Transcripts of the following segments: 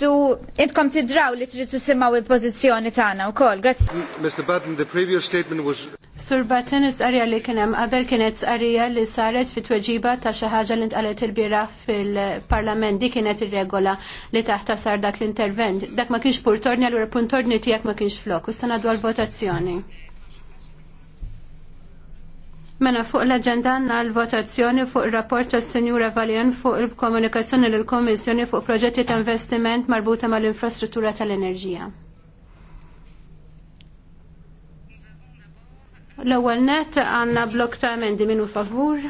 du intkom tidraw li tridu simaw il-pozizjoni tagħna wkoll. Grazzi. Mr. Button, the previous statement was Sur Button is-qarja li kien hemm qabel kienet sqarrija li saret fit tweġiba ta' xi ħaġa li ntqalet il-bira fil-Parlament di kienet ir-regola li taħta sar dak l-intervent. Dak ma kienx purtorni allura puntorni tiegħek ma kienx flok u stana l votazzjoni. Mena fuq l-agenda għanna l-votazzjoni fuq il-rapport tas senjura Valjan fuq il-komunikazzjoni l-Komissjoni fuq proġetti ta' investiment marbuta mal infrastruttura tal-enerġija. L-ewwel net għandna blok ta' emendi minu favur,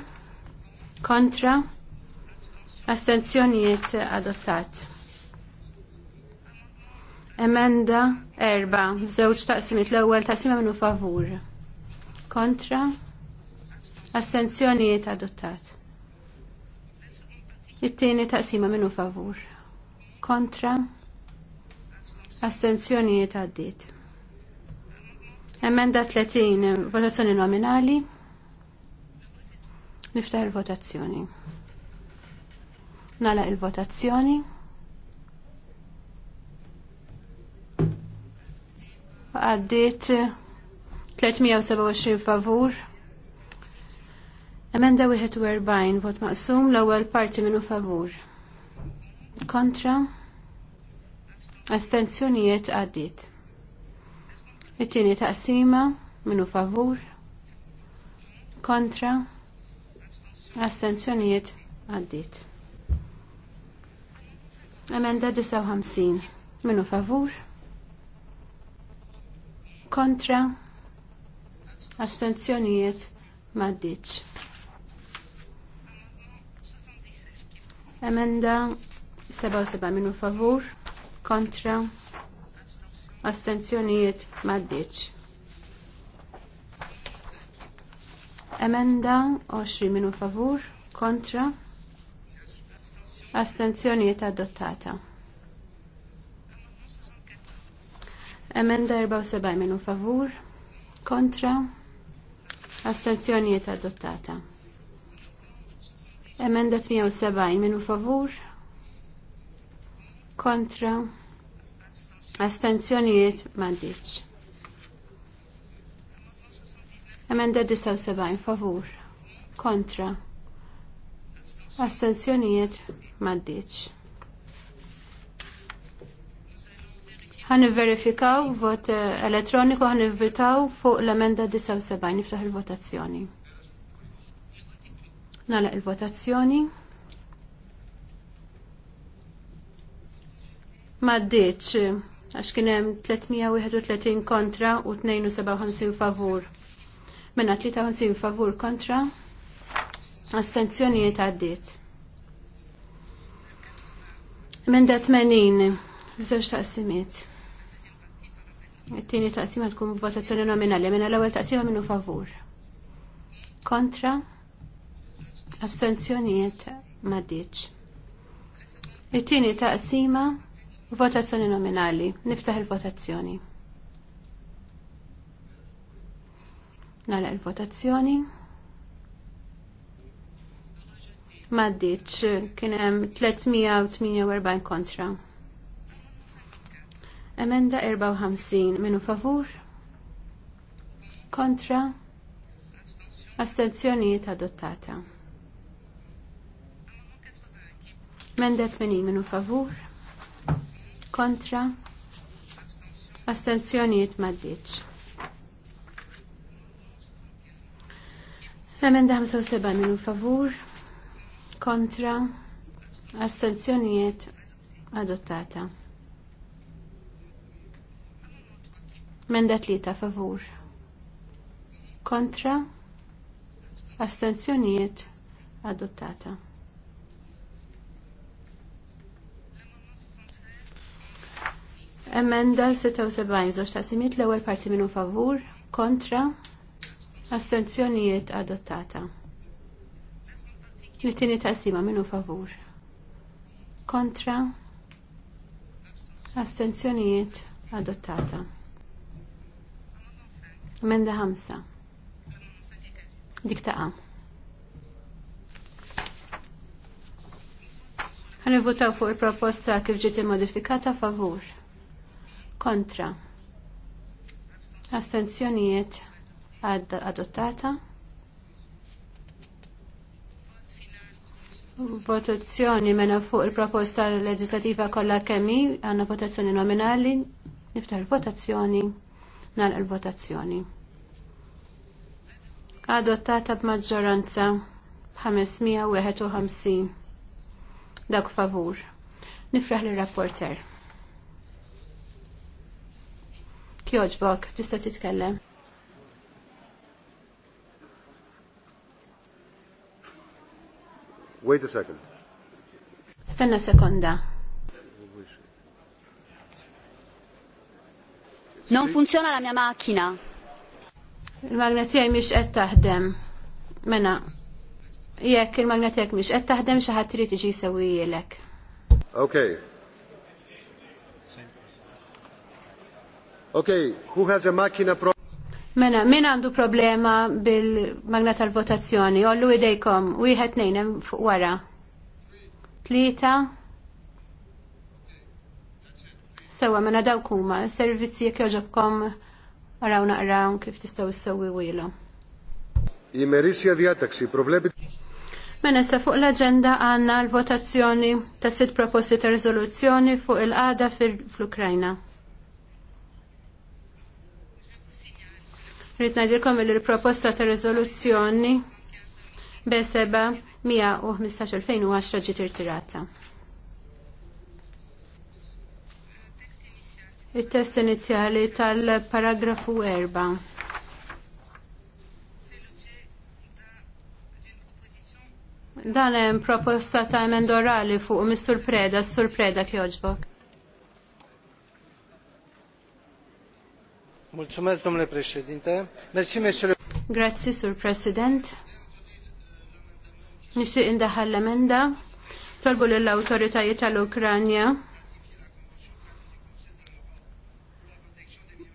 kontra, astenzjonijiet adottat. Emenda erba' żewġ taqsimiet l-ewwel taqsima minu favur. Kontra, Astenzjonijiet adottat. It-tieni taqsima minnu favur. Kontra. Astenzjonijiet għaddiet. Emenda 30, votazzjoni nominali. Niftaħ il-votazzjoni. Nala il-votazzjoni. Għaddiet 327 favur. Emenda 41, vot maqsum, l-ewwel parti minnu favur. Kontra. Astenzjonijiet għaddit. It-tieni taqsima minnu favur. Kontra. Astenzjonijiet għaddit. Emenda 59, minnu favur. Kontra. Astenzjonijiet maddiċ. Emenda 77 minu favur, kontra, astenzjonijiet maddiċ. Emenda 20 minu favur, kontra, astenzjonijiet adottata. Emenda 74 minu favur, kontra, astenzjonijiet adottata. Emenda 170, minu favur kontra astenzjonijiet maddiċ. Emenda 79 favur kontra astenzjonijiet maddiċ. Għan verifikaw vot eh, elettroniku ħan fuq l-emenda 79 niftaħ il-votazzjoni. Nalaq il-votazzjoni. Maddeċ, għax kienem 331 kontra u 257 favur. Mena 53 favur kontra, astenzjonijiet għaddit. Emenda 80, f'żewġ taqsimiet. It-tieni taqsima tkun votazzjoni nominali, mena l-ewwel taqsima minnu favur. Kontra, astenzjonijiet maddiċ. It-tieni taqsima votazzjoni nominali. Niftaħ il-votazzjoni. Nala il-votazzjoni. Maddiċ kien hemm 348 kontra. Emenda 54 minu favur. Kontra. Astenzjonijiet adottata. Mendet minn minu favur. Kontra. Astenzjonijiet maddiċ. Emenda 57 minu favur. Kontra. Astenzjonijiet adottata. li tlieta favur. Kontra. Astenzjonijiet adottata. Emenda 76, zoċ ta' simiet l ewwel parti minnu favur, kontra, astenzjonijiet adottata. Nittini ta' sima minnu favur, kontra, astenzjonijiet adottata. Emenda 5. Dik ta' Għan votaw fuq il-proposta kif ġiet modifikata favur kontra astenzjonijiet adottata votazzjoni mena fuq il-proposta leġislativa kollha kemmi għanna votazzjoni nominali niftaħ il-votazzjoni nal il-votazzjoni adottata b'maġġoranza 551 dak favur. Nifraħ l-rapporter. Kjoġbok, tista' titkellem. Wait a second. Stanna sekonda. Non funziona la mia macchina. Il-magna tiegħi mhix qed taħdem. Mena, jekk il-magna tiegħek qed taħdem xi ħadd trid iġi jsewwielek. Okay, Okay, who has a machina pro Mena, min għandu problema bil-magna tal-votazzjoni? Ollu idejkom, u jħet nejnem fuq wara. Tlieta. Sewa, mena dawkuma, servizzi jek joġobkom għaraw naqraw kif tistaw s-sewi wilu. Jimerisja diataksi, problemi. Mena, sa fuq l-agenda għanna l-votazzjoni ta' sit proposti ta' rizoluzzjoni fuq il-għada fil-Ukrajna. Rrit nadirkom il-proposta ta' rezoluzzjoni B7 115-2010 ġiet irtirata. Il-test inizjali tal-paragrafu 4. Dan hemm proposta ta' emendorali fuq Mistur Preda, Sur Preda kjoġbok. Grazie, sur president. Nixtieq indaħħal l-emenda. Tolbu l awtoritajiet tal ukrania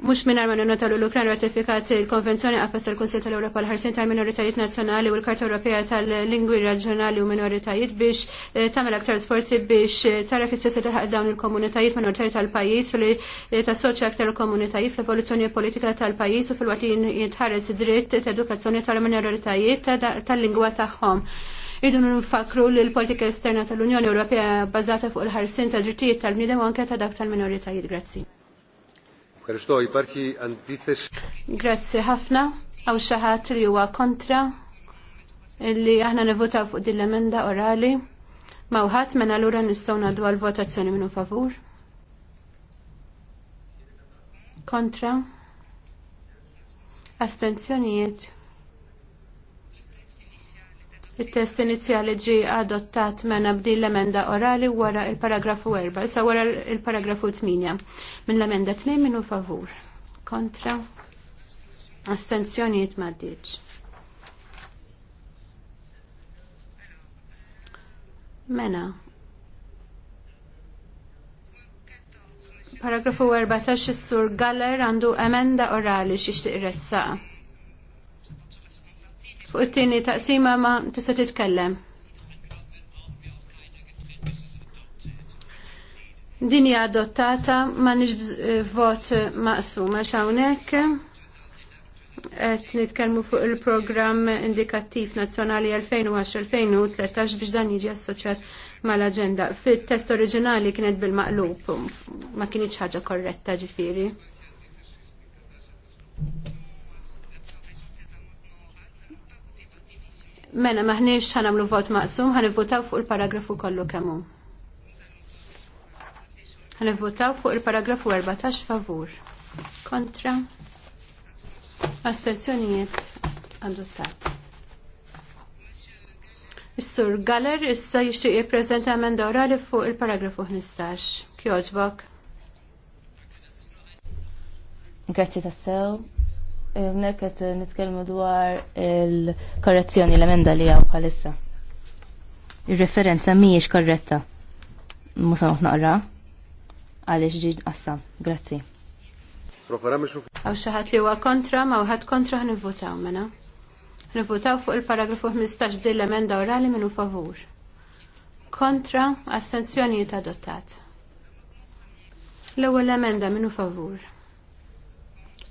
mux minn arman tal l-Ukran ratifikat il-Konvenzjoni għafas tal-Konsil tal-Europa l-ħarsin tal-minoritajiet nazjonali u l-Karta Ewropea tal-Lingwi Raġjonali u Minoritajiet biex eh, tamel aktar sforzi biex eh, tara kif tista' tilħaq dawn il-komunitajiet minoritajiet tal-pajjiż u li eh, tassoċja aktar komunitajiet fl-evoluzzjoni politika tal-pajjiż u fil-waqt li jitħares dritt ta' edukazzjoni tal-minoritajiet tal-lingwa tagħhom irridu nfakru li l-politika esterna tal-Unjoni Ewropea bbażata fuq il-ħarsin ta' drittijiet tal-bniedem u anke ta' dak tal-minoritajiet. Grazzi. Grazie ħafna. Għaw xaħat li huwa kontra illi aħna nivota fuq din l-emenda orali. Mawħat minn allura nistgħu nadu għall-votazzjoni minnu favur. Kontra. Astenzjonijiet. Il-test inizjali ġi adottat mena bdil l-emenda orali wara il-paragrafu 4, issa wara il-paragrafu 8. Min l-emenda 2 minu favur. Kontra. Astenzjoniet maddiċ. Mena. Paragrafu 14 is-sur Galler għandu emenda orali xiex tiqressa fuq it-tieni taqsima ma tista' titkellem. Din hija adottata nix eh, vot maqsum għax hawnhekk qed nitkellmu fuq il-programm indikattiv nazzjonali 2010-2013 biex dan jiġi assoċjat mal-aġenda. Fit-test oriġinali kienet bil-maqlub, ma kienx ħaġa korretta ġifieri. Mena maħniex ħanamlu vot maqsum, ħanivvotaw fuq il-paragrafu kollu kemmu. Ħanivvotaw fuq il-paragrafu 14 favur. Kontra. Astenzjonijiet adottat. Is-sur Galler issa jixtieq jippreżenta emenda orali fuq il-paragrafu 15. Kjoġbok. Grazzi tassew. Nekket nitkellmu dwar il-korrezzjoni l-emenda li għaw bħalissa. Il-referenza miex korretta. Musa noħ naqra. Għalix ġi għassa. Grazzi. Għaw xaħat li huwa kontra, ma wħad kontra nivvotaw mena. Nivvotaw fuq il-paragrafu 15 din l-emenda orali minnu favur. Kontra, astenzjonijiet adottat. L-ewwel emenda minnu favur.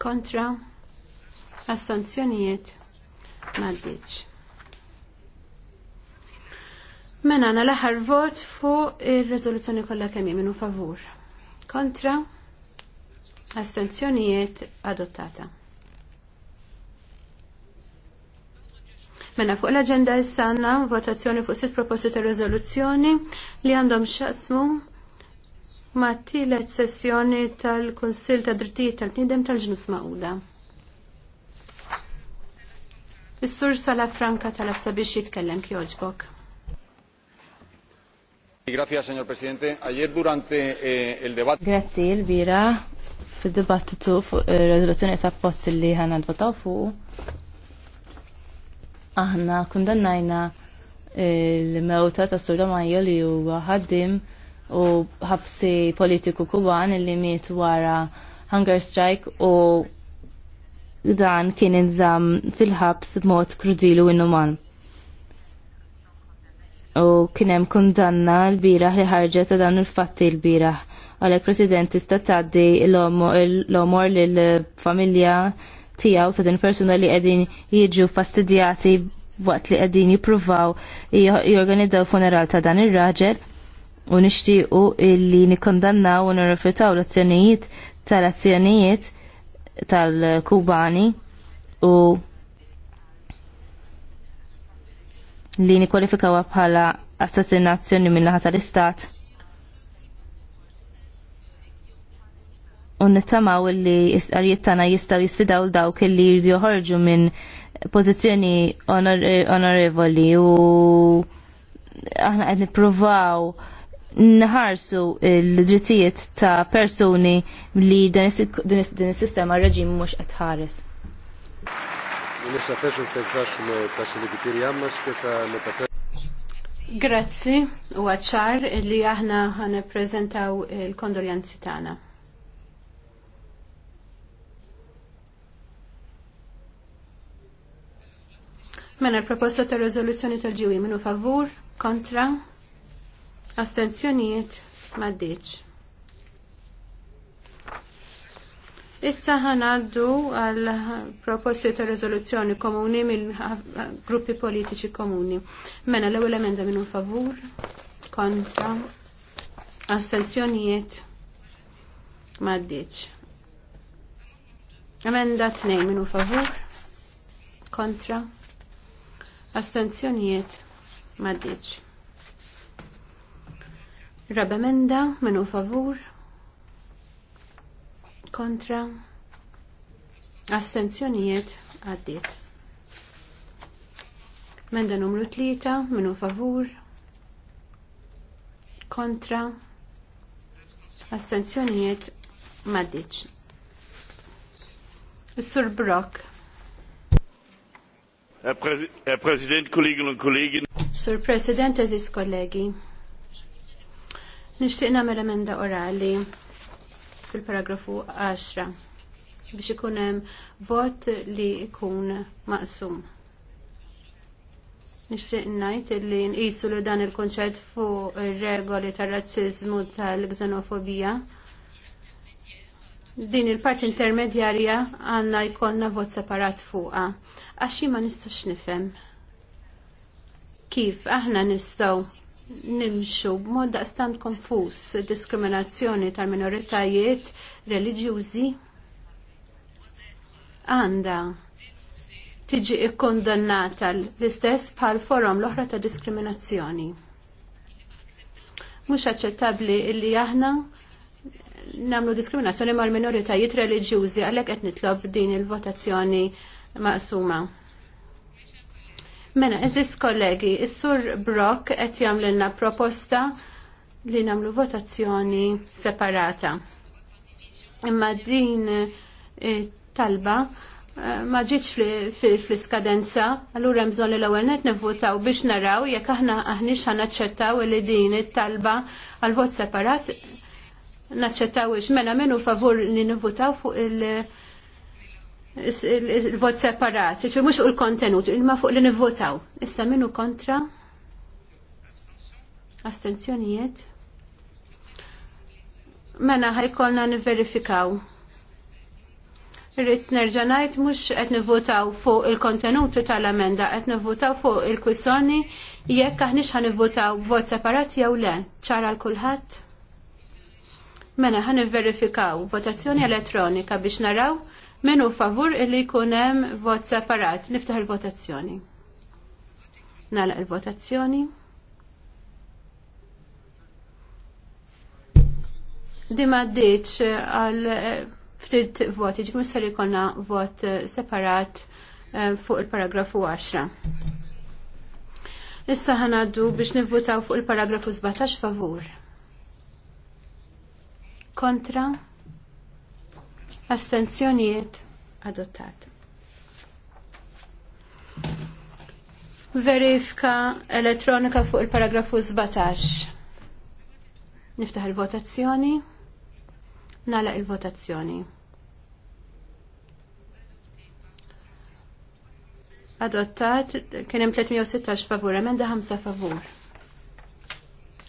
Kontra, għas-sanzjonijiet maddiċ. Mena għana l-aħħar vot fuq ir rezoluzzjoni kollha kemm minu favur. Kontra astenzjonijiet adottata. Mena fuq l-agenda jissanna votazzjoni fuq sitt proposti ta' riżoluzzjoni li għandhom xasmu ma' tilet sessjoni tal konsil ta' Drittijiet tal-Bniedem tal-Ġnus Mawda. Is-sur Sala Franca tal-afsa biex jitkellem kjoġbok. Grazie, signor Presidente. Ayer durante eh, il debat... Grazie, Elvira. Fil-dibattitu fuq il-rezoluzzjoni eh, ta' pozz li ħana l votaw fuq, aħna kundannajna eh, l mewta ta' Sur Majo li huwa ħaddim u ħabsi politiku kuban li miet wara hunger strike u dan kien inżamm fil-ħabs b'mod krudilu inuman. U kien hemm kundanna l-biraħ li ħarġet ta' dan il-fatti l-biraħ. Għalhekk President tista' tgħaddi l-omor lill-familja tiegħu ta' din persuna li qegħdin jiġu fastidjati waqt li qegħdin jippruvaw jorganizzaw funeral ta' dan ir-raġel u nixtiequ illi nikkondannaw u nirrifjutaw l-azzjonijiet tal-azzjonijiet tal-Kubani u li nikwalifikaw bħala assassinazzjoni min-naħa tal-Istat. U nittamaw li isqarijiet tana jistgħu jisfidaw dawk li jirdi uħorġu minn pożizzjoni onorevoli u aħna qed nippruvaw nħarsu l ġittijiet ta' persuni li din is-sistema reġim mhux qed ħares. Eh, Grazzi u għacċar li aħna ħana prezentaw il-kondoljanzi tagħna. Mena l-proposta ta' rezoluzzjoni tal-ġiwi minu favur, kontra, Astenzjonijiet maddiċ. Issa ħanaddu għal proposti ta' rezoluzzjoni komuni mill gruppi politiċi komuni. Mena l-ewwel emenda minn favur, kontra, astenzjonijiet, maddiċ. Emenda tnejn minn favur, kontra, astenzjonijiet, maddiċ. Raba menda minu favur kontra astenzjonijiet għaddiet. Menda numru tlita, menu favur kontra astenzjonijiet maddiċ. Sur Brock. Herr Präsident, Kolleginnen und Kollegen. Sur President, eżis kollegi. Nixtieq nagħmel emenda orali fil-paragrafu 10 biex ikun hemm vot li jkun maqsum. Nixtieq ngħid li nqisu li dan il-kunċett fuq ir-regoli tar razzizmu tal-xenofobija. Din il-parti intermedjarja għandna jkollna vot separat fuqha għax ma nistax nifhem kif aħna nistgħu nimxu b'mod daqstant konfus diskriminazzjoni tal-minoritajiet reliġjużi għanda tiġi ikkondannata l-istess bħal forom l-oħra ta' diskriminazzjoni. Mhux aċċettabbli illi aħna nagħmlu diskriminazzjoni mal-minoritajiet reliġjużi għalhekk qed nitlob din il-votazzjoni maqsuma. Mena, eżis kollegi, is-sur Brock qed jagħmlilna proposta li nagħmlu votazzjoni separata. Imma din eh, talba eh, ma ġietx fl-iskadenza, allura hemm bżonn l-ewwel net nivvutaw biex naraw jekk aħna aħniex ħanaċċettaw li din it-talba għal vot separat naċċettaw mela menu favur li nivvutaw fuq il- il-vot separat, ċi mux u l kontenut il-ma fuq li nivvotaw. Issa minnu kontra? Astenzjonijiet? Mena ħajkolna niverifikaw. Rrit nerġanajt mux qed nivvotaw fuq il kontenut tal-amenda, qed nivvotaw fuq il-kwissjoni jekk aħniex għan nivvotaw vot separat jew le, ċara l-kulħadd? Mena ħan verifikaw votazzjoni elettronika biex naraw Menu favur illi kunem vot separat. Niftaħ il-votazzjoni. Nalaq il-votazzjoni. Dima d għal eh, ftit voti, ġikum sar ikonna vot eh, separat eh, fuq il-paragrafu 10. Issa ħanaddu biex nivvutaw fuq il-paragrafu 17 favur. Kontra? Astenzjonijiet adottat. Verifika elettronika fuq il-paragrafu 17. Niftaħ il-votazzjoni. Nala il-votazzjoni. Adottat kien hemm 316 favur, emenda 5 favur.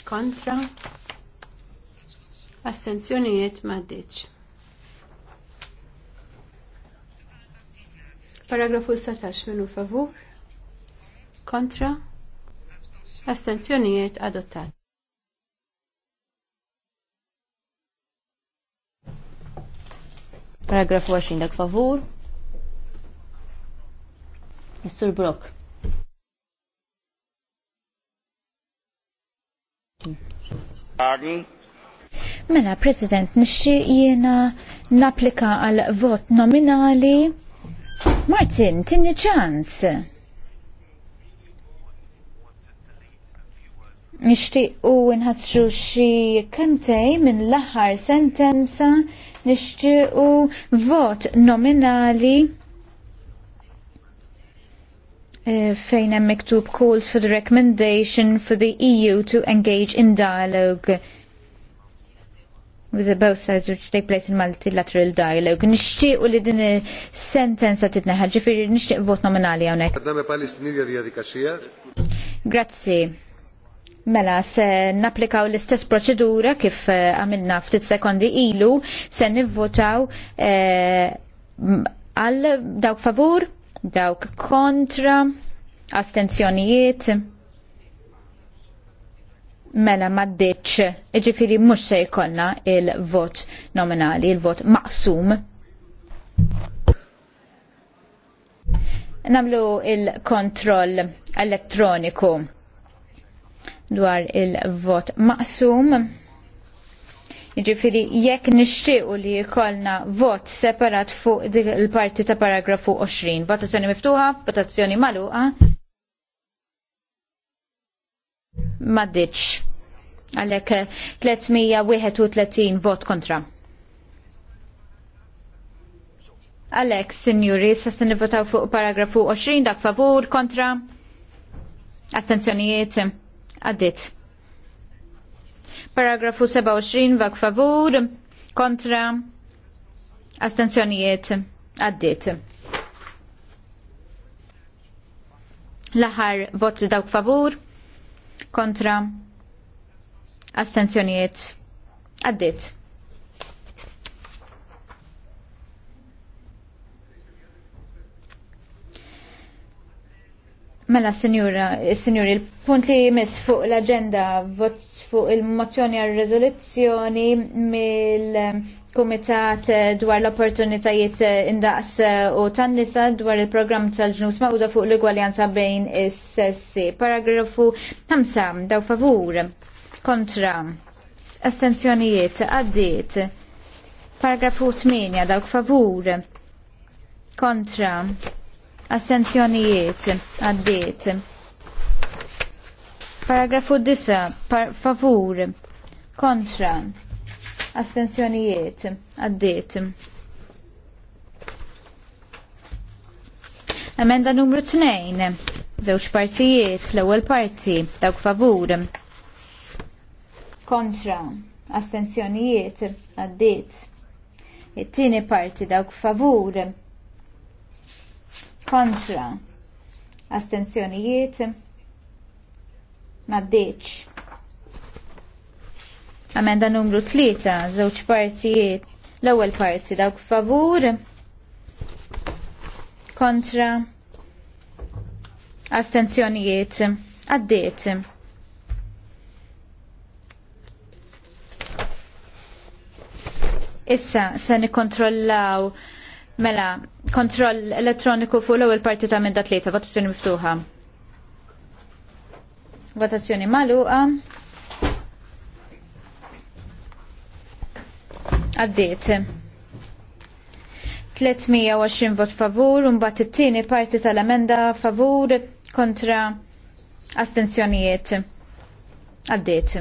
Kontra. Astenzjonijiet m'għaddiċ. Paragrafu 17 minu favur. Kontra. Astenzjonijiet adottat. Paragrafu 20 dak favur. Mr. Brock. Fragen. Mela, President, nixtieq jiena naplika għal vot nominali Martin, tinni ċans. Nishtiq u nħassru xi kemtej minn l-aħħar sentenza nishtiq u vot nominali eh, fejn hemm miktub calls for the recommendation for the EU to engage in dialogue with the both sides which take place in multilateral dialogue. Nixtieq li din sentenza titneħħa, ġifieri nixtieq vot nominali hawnhekk. Għadna Grazzi. Mela, se napplikaw l-istess proċedura kif eh, għamilna ftit sekondi ilu, se nivvotaw eh, għal dawk favur, dawk kontra, astenzjonijiet mela maddeċ, ġifiri mux se jkollna il-vot nominali, il-vot maqsum. Namlu il-kontroll elettroniku dwar il-vot maqsum. Ġifiri, jekk nixtiequ li jkollna vot separat fuq il-parti ta' paragrafu 20, votazzjoni miftuħa, votazzjoni maluqa. Maddiċ. Għalek 331 eh, vot kontra. Għalek, signori, sastin votaw fuq paragrafu 20 dak favur kontra. Astenzjonijiet. Għaddit. Paragrafu 27 vak favur kontra. Astenzjonijiet. Għaddit. Laħar vot dawk favur kontra astenzjonijiet għaddit. Mela, sinjura, sinjuri, il-punt li jmiss fuq l-agenda, vot fuq il-mozzjoni għal-rezoluzzjoni mill Kumitat eh, dwar l-opportunitajiet eh, indaqs eh, u tan-nisa dwar il-programm tal-ġnus mawda fuq l-igwaljanza bejn is-sessi. Paragrafu 5 daw favur kontra astenzjonijiet għaddiet. Paragrafu 8 dawk favur kontra astenzjonijiet għaddiet. Paragrafu 9 par favur kontra Astensjonijiet. Għaddiet. Emenda numru 2. Żewġ partijiet, l-ewwel parti, dawk favur. Kontra, astensjonijiet, għaddiet. It-tieni parti dawk favur. Kontra, astenzjonijiet, maddiċ. Amenda numru 3, żewġ partijiet. L-ewwel parti dawk favur kontra astenzjonijiet għaddiet. Issa se nikkontrollaw mela kontroll elettroniku fuq l-ewwel parti ta' minn dat tlieta votazzjoni miftuħa. Votazzjoni magħluqa. Għaddiet. 320 vot favur, unbat it-tieni parti tal-emenda favur kontra astenzjonijiet. Għaddiet.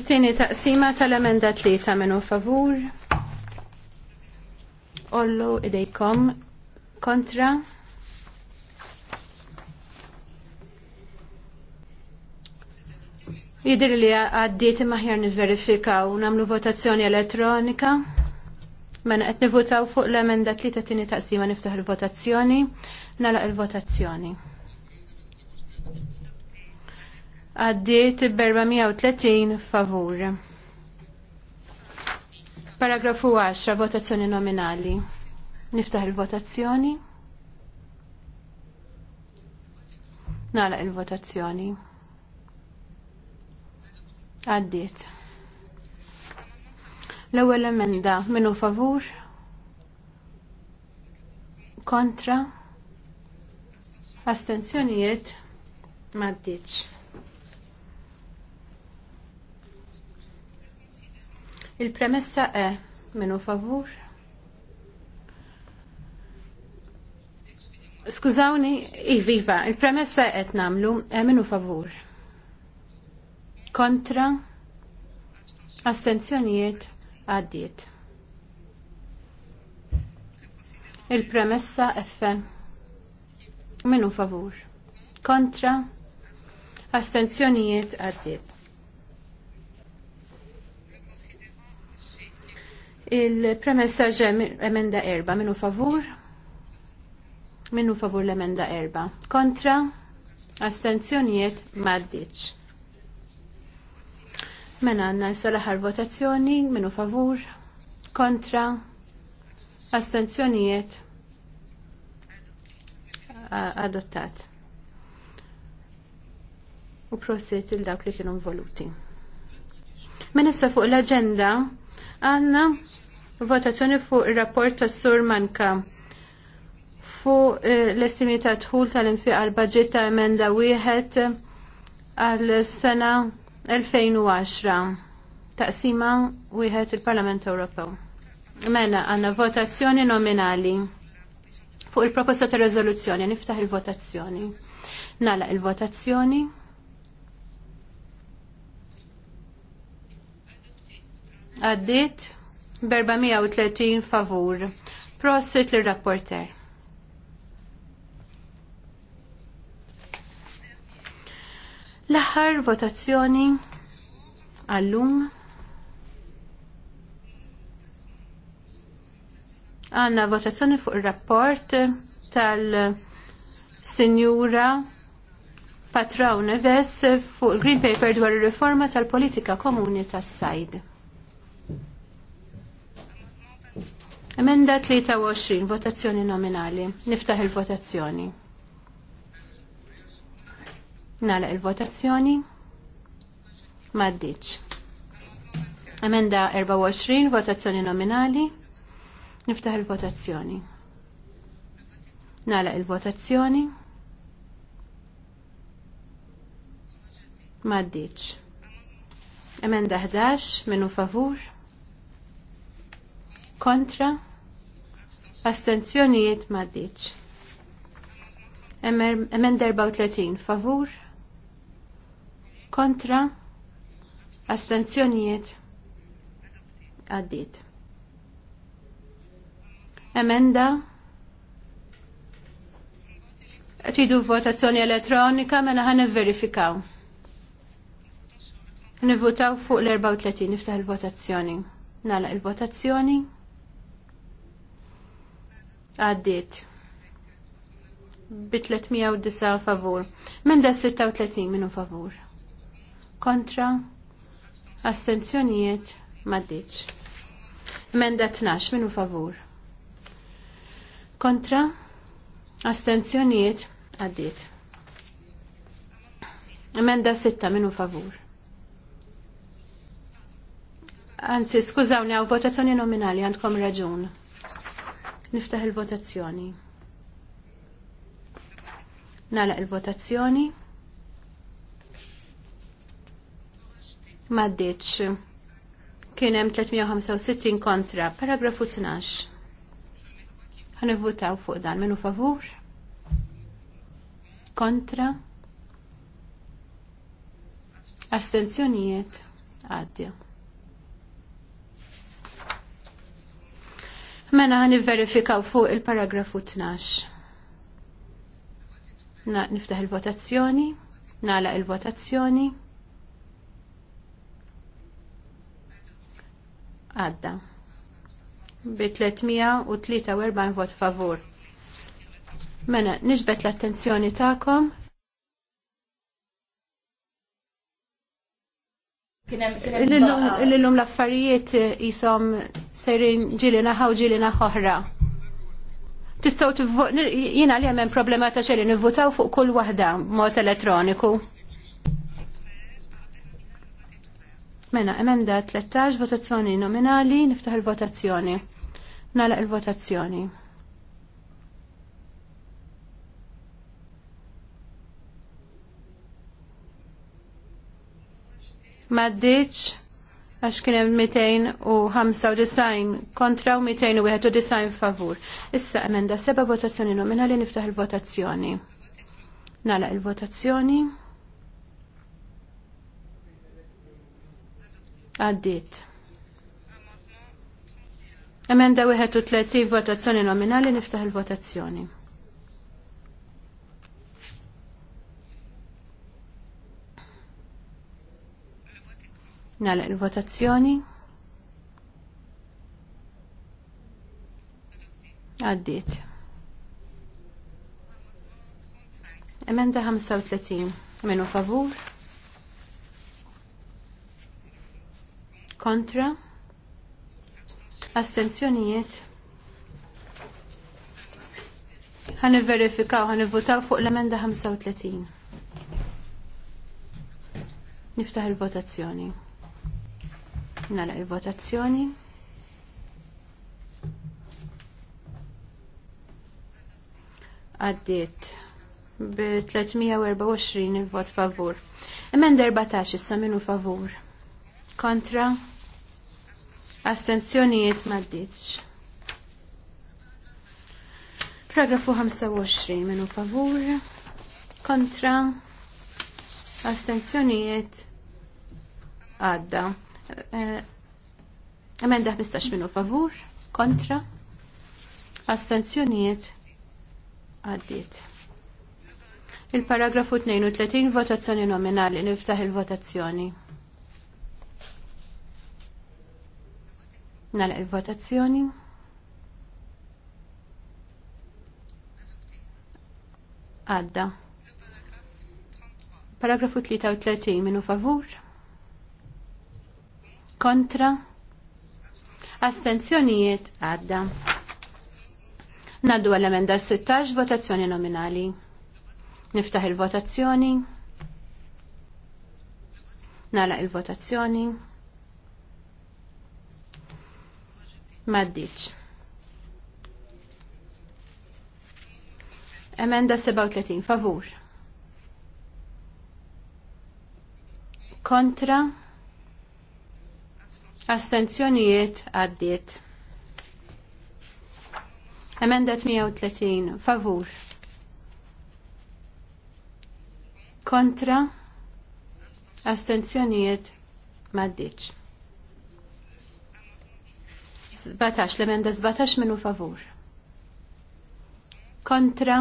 It-tieni taqsima tal-emenda tlieta minnu favur. Ollu idejkom kontra. Jidir li għaddiet maħjar niverifikaw namlu votazzjoni elettronika. Mena qed nivotaw fuq l-emenda tlieta tini taqsima niftaħ il-votazzjoni, Nala il-votazzjoni. Għaddiet b-430 favur. Paragrafu 10, votazzjoni nominali. Niftaħ il-votazzjoni. Nalaq il-votazzjoni. Għaddiet. L-ewwel emenda minu favur? Kontra? Astenzjonijiet? M'għaddietx. Il-premessa E minu favur? Skużawni, iviva, il-premessa e qed namlu, e minu favur kontra, astenzjonijiet għaddiet. Il-premessa F. Minu favur. Kontra, astenzjonijiet għaddiet. Il-premessa ġe emenda erba. Minu favur. Minu favur l-emenda erba. Kontra, astenzjonijiet maddiċ. Mena għanna issa l-aħħar votazzjoni minu favur, kontra, astenzjonijiet adottat. U prosit il-dawk li kienu voluti. Mena issa fuq l-agenda għanna votazzjoni fuq il-rapport tas sur Manka fuq eh, l-estimi ta' tħul tal-infiq għal-budget ta' emenda wieħed għal-sena 2010 taqsima wieħed il-Parlament Ewropew. Mela għandna votazzjoni nominali fuq il-proposta ta' rezoluzzjoni niftaħ il-votazzjoni. Nala il-votazzjoni. Għaddit 430 favur. Prosit l-rapporter. L-aħħar votazzjoni għallum għanna votazzjoni fuq il-rapport tal-Sinjura Patraw Neves fuq il-Green Paper dwar il-riforma tal-politika komuni tas-sajd. Emenda 23, votazzjoni nominali. Niftaħ il-votazzjoni. Nala il-votazzjoni. Maddiċ. Emenda 24, votazzjoni nominali. Niftaħ il-votazzjoni. Nala il-votazzjoni. Maddiċ. Emenda 11, minu favur. Kontra. Astenzjonijiet maddiċ. Emenda 34, favur kontra astenzjonijiet għaddit. Emenda Tridu votazzjoni elettronika mela ħan verifikaw. Nivvotaw fuq l-34 niftaħ il-votazzjoni. Nala il-votazzjoni. Għaddiet. Bi 309 favur. Menda 36 minnu favur kontra astenzjonijiet maddiċ. Emenda 12 minu favur. Kontra astenzjonijiet għaddit. Emenda 6 minu favur. Anzi, skużawni, għaw votazzjoni nominali, għandkom raġun. Niftaħ il-votazzjoni. Nalaq il-votazzjoni. Maddiċ. Kien hemm 365 kontra. Paragrafu 12. Ħanivvutaw fuq dan minu favur. Kontra. Astenzjonijiet għaddi. Mena għan verifikaw fuq il-paragrafu 12. Na, niftaħ il-votazzjoni, nala il-votazzjoni. għadda bi 343 vot favur. Mena, nisbet l-attenzjoni ta'kom. L-lum l-affarijiet jisom serin ġilina ħaw ġilina ħohra. Tistaw jina li għemmen problema ta' xerin votaw fuq kull wahda mod elettroniku. Mena, emenda 13, votazzjoni nominali, niftaħ il-votazzjoni. Nalaq il-votazzjoni. Maddiċ, għax kien hemm 295 kontra u 291 favur. Issa emenda seba votazzjoni nominali niftaħ il-votazzjoni. Nalaq il-votazzjoni. Għaddit. Emenda 31 votazzjoni nominali niftaħ il-votazzjoni. Nalaq il-votazzjoni. Għaddit. Emenda 35. Minu favur. kontra astenzjonijiet ħan verifikaw ħan votaw fuq l-emenda 35 niftaħ il-votazzjoni nara il-votazzjoni għaddiet b 324 il-vot favur. Emenda 14 issa minu favur. Kontra Astenzjonijiet maddiċ. Paragrafu 25 minu favur. Kontra. Astenzjonijiet għadda. E, emenda 15 minu favur. Kontra. Astenzjonijiet għaddiet. Il-paragrafu 32 votazzjoni nominali niftaħ il-votazzjoni. Nalaq il-votazzjoni. Għadda. Paragrafu 33 minu favur. Kontra. Astenzjonijiet għadda. Naddu għall-emenda 16 votazzjoni nominali. Niftaħ il-votazzjoni. Nala il-votazzjoni. Maddiċ. Emenda 37, favur. Kontra. Astenzjonijiet għaddiet. Emenda 38, favur. Kontra. Astenzjonijiet maddiċ. 17, l-emenda 17 minu favur. Kontra,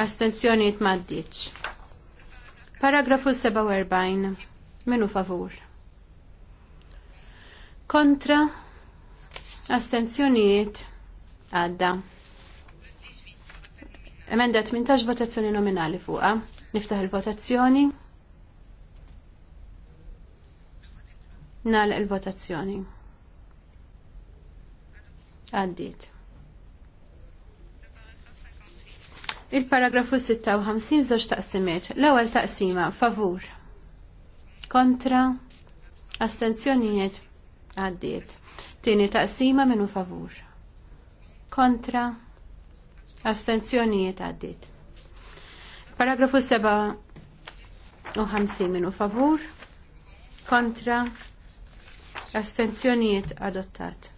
astenzjoni maddiċ. Paragrafu 47, minu favur. Kontra, astenzjoniet għadda. Emenda 18 votazzjoni nominali fuqa. Niftaħ il-votazzjoni. Nal il-votazzjoni. Għaddit. Il-paragrafu 56 żewġ taqsimiet. L-ewwel taqsima favur. Kontra. Astenzjonijiet. għaddit. Tieni taqsima minnu favur. Kontra. Astenzjonijiet għaddit. Paragrafu 57 minu favur. Kontra. Astenzjonijiet adottat.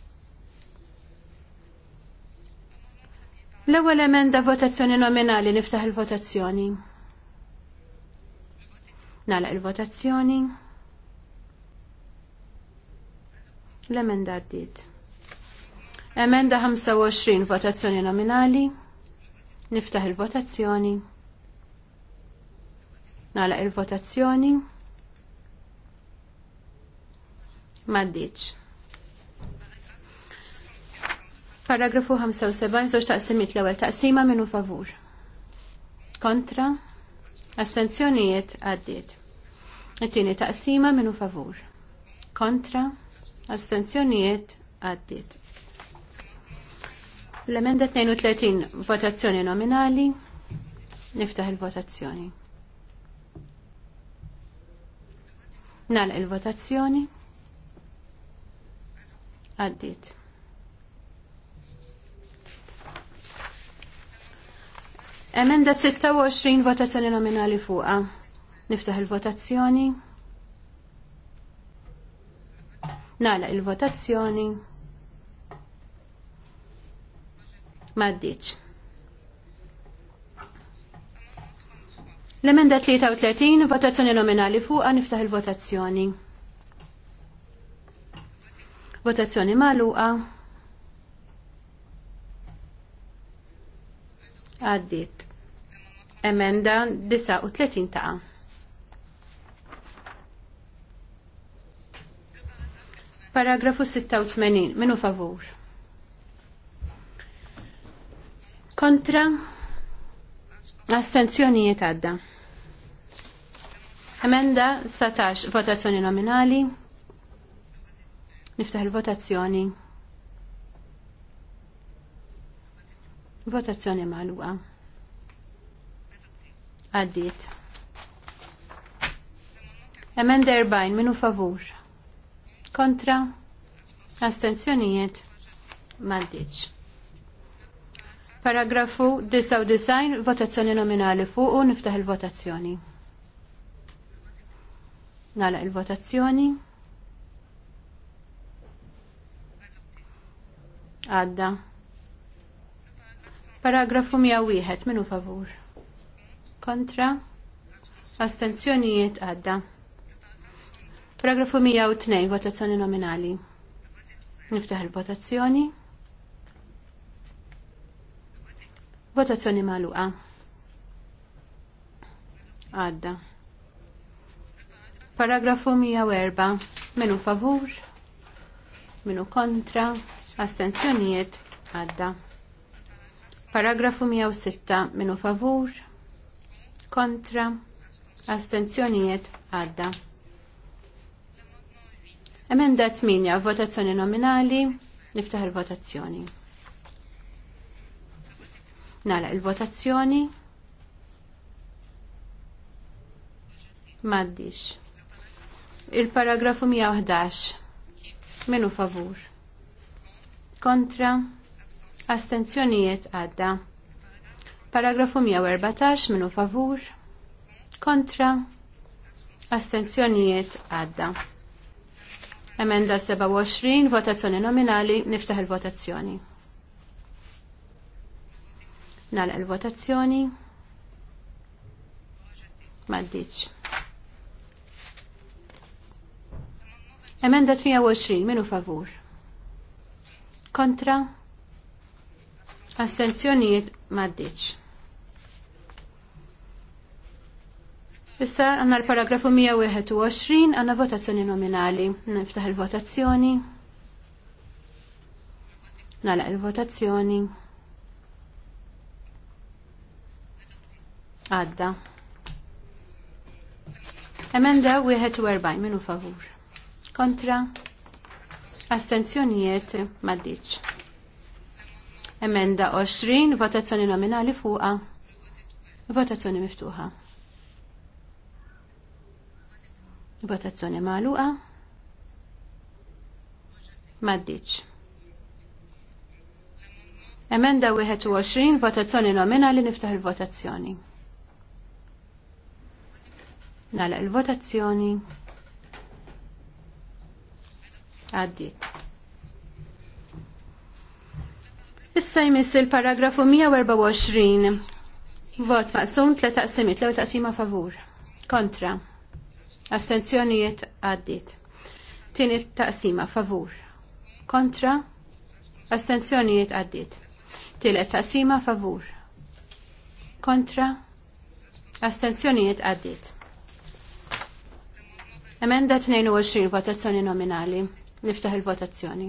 L-ewwel emenda votazzjoni nominali niftaħ il-votazzjoni. Nagħlaq il-votazzjoni. L-emenda għaddiet. Emenda 25 votazzjoni nominali. Niftaħ il-votazzjoni. Nagħlaq il-votazzjoni. Maddiċ. Paragrafu 75, zoċ taqsimit l-ewel taqsima minnu favur. Kontra, astenzjonijiet għaddiet. It-tieni taqsima minnu favur. Kontra, astenzjonijiet għaddiet. L-emenda 32, votazzjoni nominali, niftaħ il-votazzjoni. Nal il-votazzjoni. Għaddit. Emenda 26 votazzjoni nominali fuqa. Niftaħ il-votazzjoni. Nala il-votazzjoni. Maddiċ. L-emenda 33, votazzjoni nominali fuqa, niftaħ il-votazzjoni. Votazzjoni maluqa. Għaddit. Emenda 39 ta' Paragrafu 86, minu favur. Kontra astenzjonijiet għadda. Emenda 17, votazzjoni nominali. Niftaħ il-votazzjoni. Votazzjoni magħluqa għaddiet. Emenda derbajn, minu favur. Kontra. Astenzjonijiet. Maddiċ. Paragrafu 99, votazzjoni nominali fuq u niftaħ il-votazzjoni. Nala il-votazzjoni. Għadda. Paragrafu 101, minu favur kontra, astenzjonijiet għadda. Paragrafu 102, votazzjoni nominali. Niftaħ il-votazzjoni. Votazzjoni maluqa. Għadda. Paragrafu 104. Minu favur, minu kontra, astenzjonijiet, għadda. Paragrafu 106. Minu favur, kontra astenzjonijiet għadda. Emenda 8, votazzjoni nominali, niftaħ il-votazzjoni. Nala il-votazzjoni. Maddix. Il-paragrafu 111. Minu favur. Kontra. Astenzjonijiet għadda. Paragrafu 114 minu favur kontra astenzjonijiet għadda. Emenda 27, votazzjoni nominali, niftaħ il-votazzjoni. Nal il-votazzjoni. Maddiċ. Emenda 28, minu favur. Kontra. Astenzjonijiet maddiċ. Issa għanna l-paragrafu 121 għanna votazzjoni nominali. Niftaħ il-votazzjoni. Nala il-votazzjoni. Għadda. Emenda 41 minu favur. Kontra. Astenzjonijiet maddiċ. Emenda 20, votazzjoni nominali fuqa. Votazzjoni miftuħa. Votazzjoni magħluqa. Maddiċ. Emenda 21, votazzjoni nominali niftaħ il-votazzjoni. Nalaq il-votazzjoni. Għaddit. Issa jmiss il-paragrafu 124. Vot maqsum, 3 taqsimiet, 3 taqsima favur. Kontra. Astenzjonijiet għaddit. Tini taqsima favur. Kontra. Astenzjonijiet għaddit. Tielet taqsima favur. Kontra. Astenzjonijiet għaddit. Emenda 22 votazzjoni nominali. Niftaħ il-votazzjoni.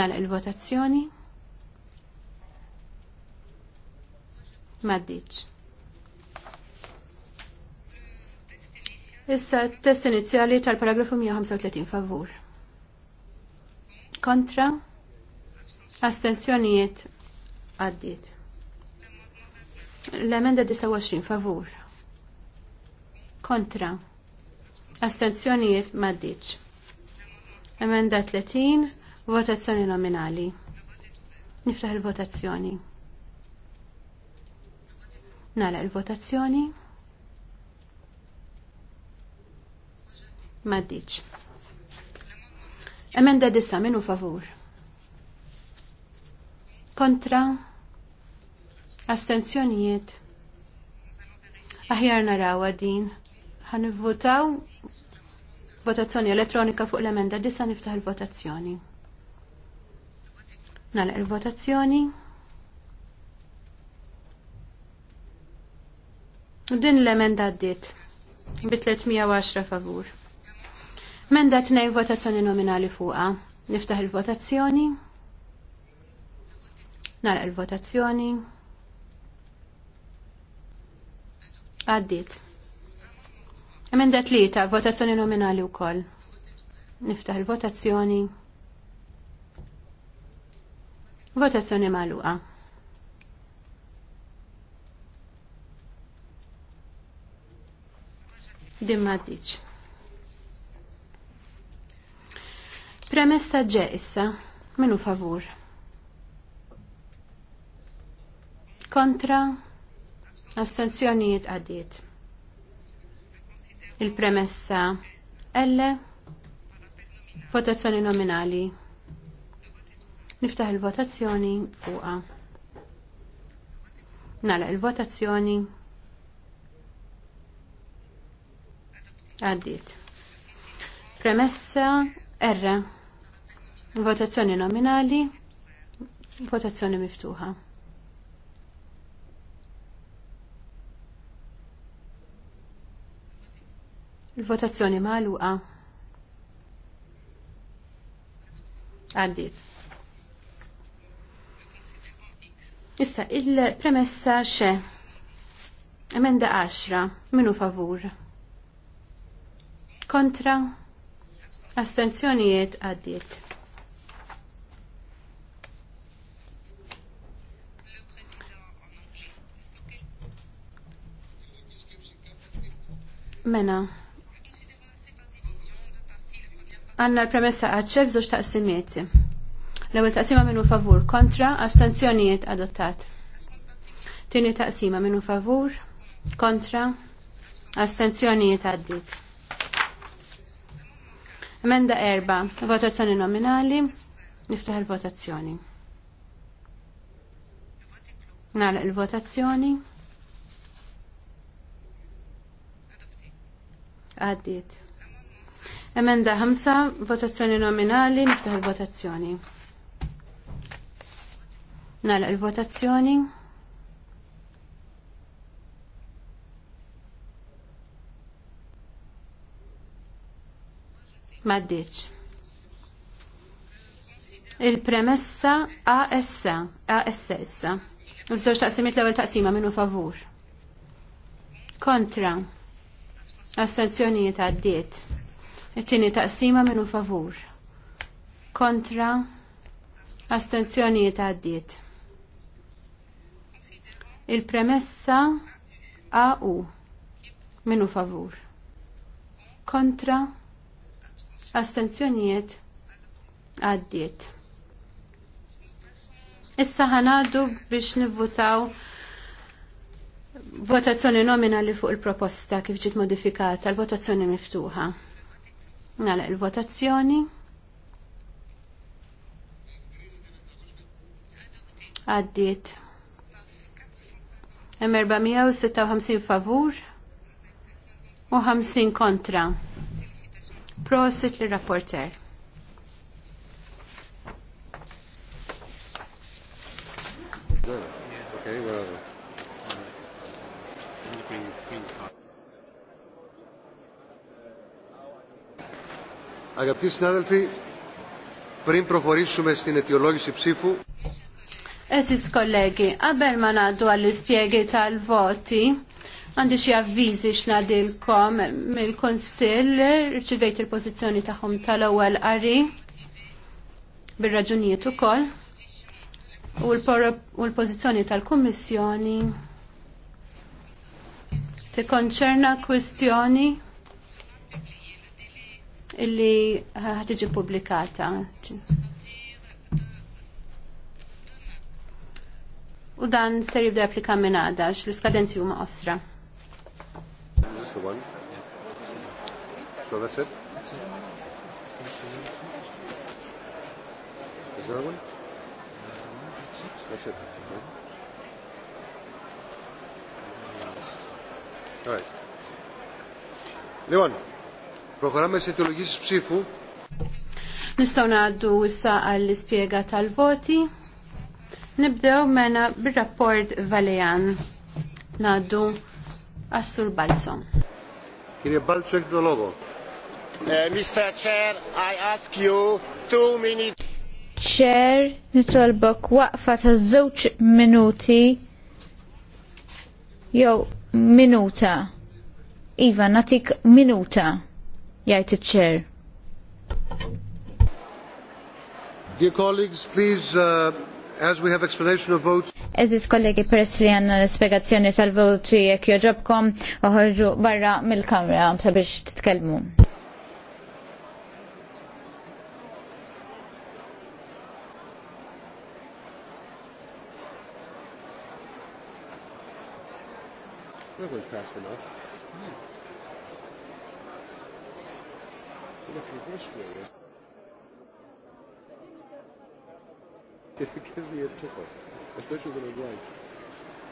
Nala il-votazzjoni. Maddiċ. Issa test inizjali tal-paragrafu 135 favur. Kontra? Astenzjonijiet għaddiet. L-emenda 29 favur. Kontra? Astenzjonijiet maddiċ. Emenda 30 votazzjoni nominali. Niftaħ il-votazzjoni. Nala il-votazzjoni. Maddiċ. Emenda dissa minu favur. Kontra. Astenzjonijiet. Aħjar narawa din. votaw votazzjoni elettronika fuq l-emenda disa niftaħ il-votazzjoni. Nalaq il-votazzjoni. U din l-emenda għaddiet bi 310 favur. Menda tnej votazzjoni nominali fuqa. Niftaħ il-votazzjoni. Nara il-votazzjoni. Għaddit. Emenda tlieta, votazzjoni nominali wkoll. Niftaħ il-votazzjoni. Votazzjoni magħluqa. Dimma ddiċ. Premessa ġe issa, minu favur. Kontra, astenzjonijiet għaddiet. Il-premessa L, votazzjoni nominali. Niftaħ il-votazzjoni fuqa. Nala il-votazzjoni. Għaddiet. Premessa R. Votazzjoni nominali. Votazzjoni miftuħa. Il-votazzjoni magħluqa. Għaddit. Issa, il-premessa xe. Emenda 10. Minu favur. Kontra. Astenzjonijiet għaddiet. Mena. Għanna l-premessa għadċef zoċ taqsimiet. L-ewel taqsima minnu favur kontra, astenzjonijiet adottat. Tini taqsima minnu favur kontra, astenzjonijiet għaddit. Emenda erba, votazzjoni nominali, niftaħ il-votazzjoni. Nagħlaq il-votazzjoni. għaddiet. Emenda 5, votazzjoni nominali, niftaħ il-votazzjoni. Nala il-votazzjoni. Maddiċ. Il-premessa AS, ASS. Użżoċ taqsimiet l-ewel taqsima minnu favur. Kontra. Astenzjonijiet għaddiet. It-tieni taqsima minu favur. Kontra. d għaddiet. Il-premessa AU minu favur. Kontra. Astenzjonijiet għaddiet. Issa ħanadu biex nivvutaw Votazzjoni nominali fuq il-proposta kif ġiet modifikata, l-votazzjoni miftuħa. Nala il-votazzjoni. Għaddiet. Hemm 456 favur u 50 kontra. Prosit l-rapporter. Αγαπητοί συνάδελφοι, πριν προχωρήσουμε στην αιτιολόγηση ψήφου... tal κολέγοι, αμπέλ να τα αλβότη, għandi xie avvizi xnadilkom mill-konsil, rċivejt il-pozizjoni taħħom tal-ewwel qari bir-raġunijiet ukoll u l-pozizjoni tal-Kummissjoni tikkonċerna kwistjoni illi ħatiġi publikata. U dan ser jibda applika minn għada, l-iskadenzi huma osra. So All right. The one. Programma se teologis psifu. Nistaw naħaddu issa għall-ispiega tal-voti. Nibdew mena bil-rapport Valejan. Naħaddu Assur Balzo. Kiri Balzo eknologo. Uh, Mr. Chair, I ask you two minutes. Chair, nitolbok waqfa ta' żewġ minuti jew minuta. Iva, natik minuta. minuta jgħid iċ-ċer. Dear colleagues, please, uh, as we have explanation of votes. Eżis kollegi peress li għanna l-spiegazzjoni tal-voti jek joġobkom uħorġu barra mill-kamra sabiex titkelmu. That went fast enough. look at me a tickle, especially when I'm right.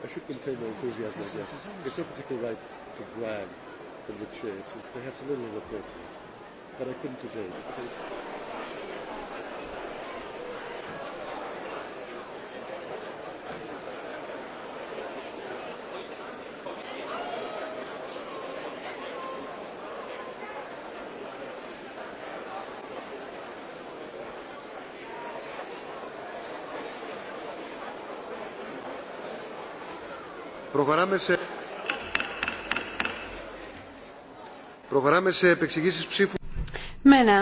I should contain my enthusiasm, I guess. It's not particularly right to grab from the chase. It's perhaps a little inappropriate, but I couldn't today. Προχωράμε σε... Προχωράμε σε επεξηγήσεις ψήφου. Mena,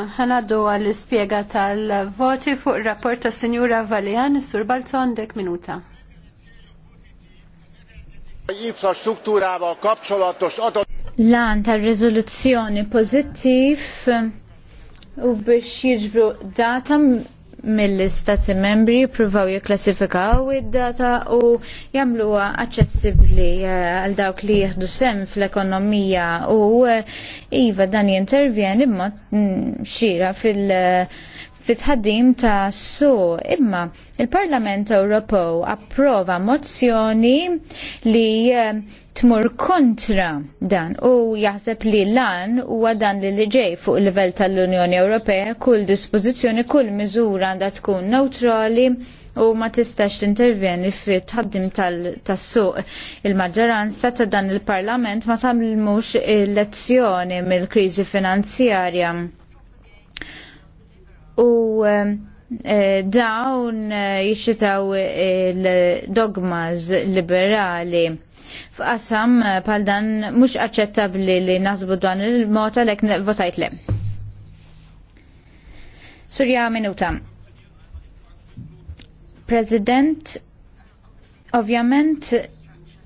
tal-voti fuq rapport ta' Sinjura Valjan, Sur Balzon, dek minuta. Lan pozittiv u biex jiġbru datam mill-istati membri jippruvaw jikklassifikaw id-data u jagħmluha aċċessibbli eh, għal dawk li jieħdu sem fl-ekonomija u eh, iva dan jintervjeni b'mod mm, xira fil- uh, fit-ħaddim ta' su. Imma il-Parlament Ewropew approva mozzjoni li eh, tmur kontra dan u jaħseb li lan huwa dan li liġej fuq il-livell tal-Unjoni Ewropea kull dispożizzjoni, kull miżura għandha tkun neutrali u ma tistax tintervjeni fi tħaddim tas-suq. Il-maġġoranza ta' dan il-Parlament ma tagħmilmux lezzjoni mill-kriżi finanzjarja u um, eh, dawn eh, jixxitaw il-dogmas liberali. F'qasam eh, pal dan mhux aċċettabbli li nasbu dan il mota għalhekk votajt le. Surja minuta. President, ovvjament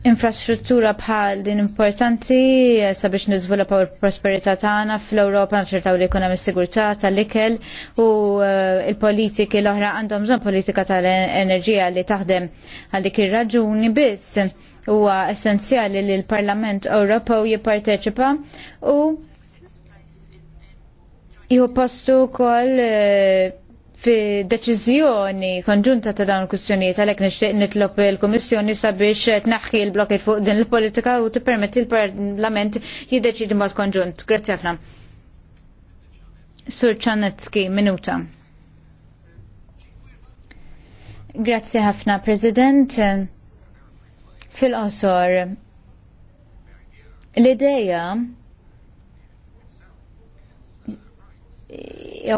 infrastruttura bħal din importanti eh, sabiex niżviluppaw il-prosperità tagħna fl-Ewropa naċċertaw li jkun hemm is-sigurtà tal-ikel u eh, l-politiki l-oħra għandhom bżonn politika tal-enerġija li taħdem għal dik ir-raġuni biss huwa essenzjali li l-Parlament Ewropew jipparteċipa u jieħu postu wkoll eh, fi deċizjoni konġunta ta' dawn il-kwistjonijiet għalhekk nixtieq nitlob il-Kummissjoni sabiex tnaħħi l-blokkiet fuq din il-politika u tippermetti l-Parlament jiddeċidi mod konġunt. Grazzi ħafna. Sur Czarnecki, minuta. Grazzi ħafna, President. Fil-qosor, l-ideja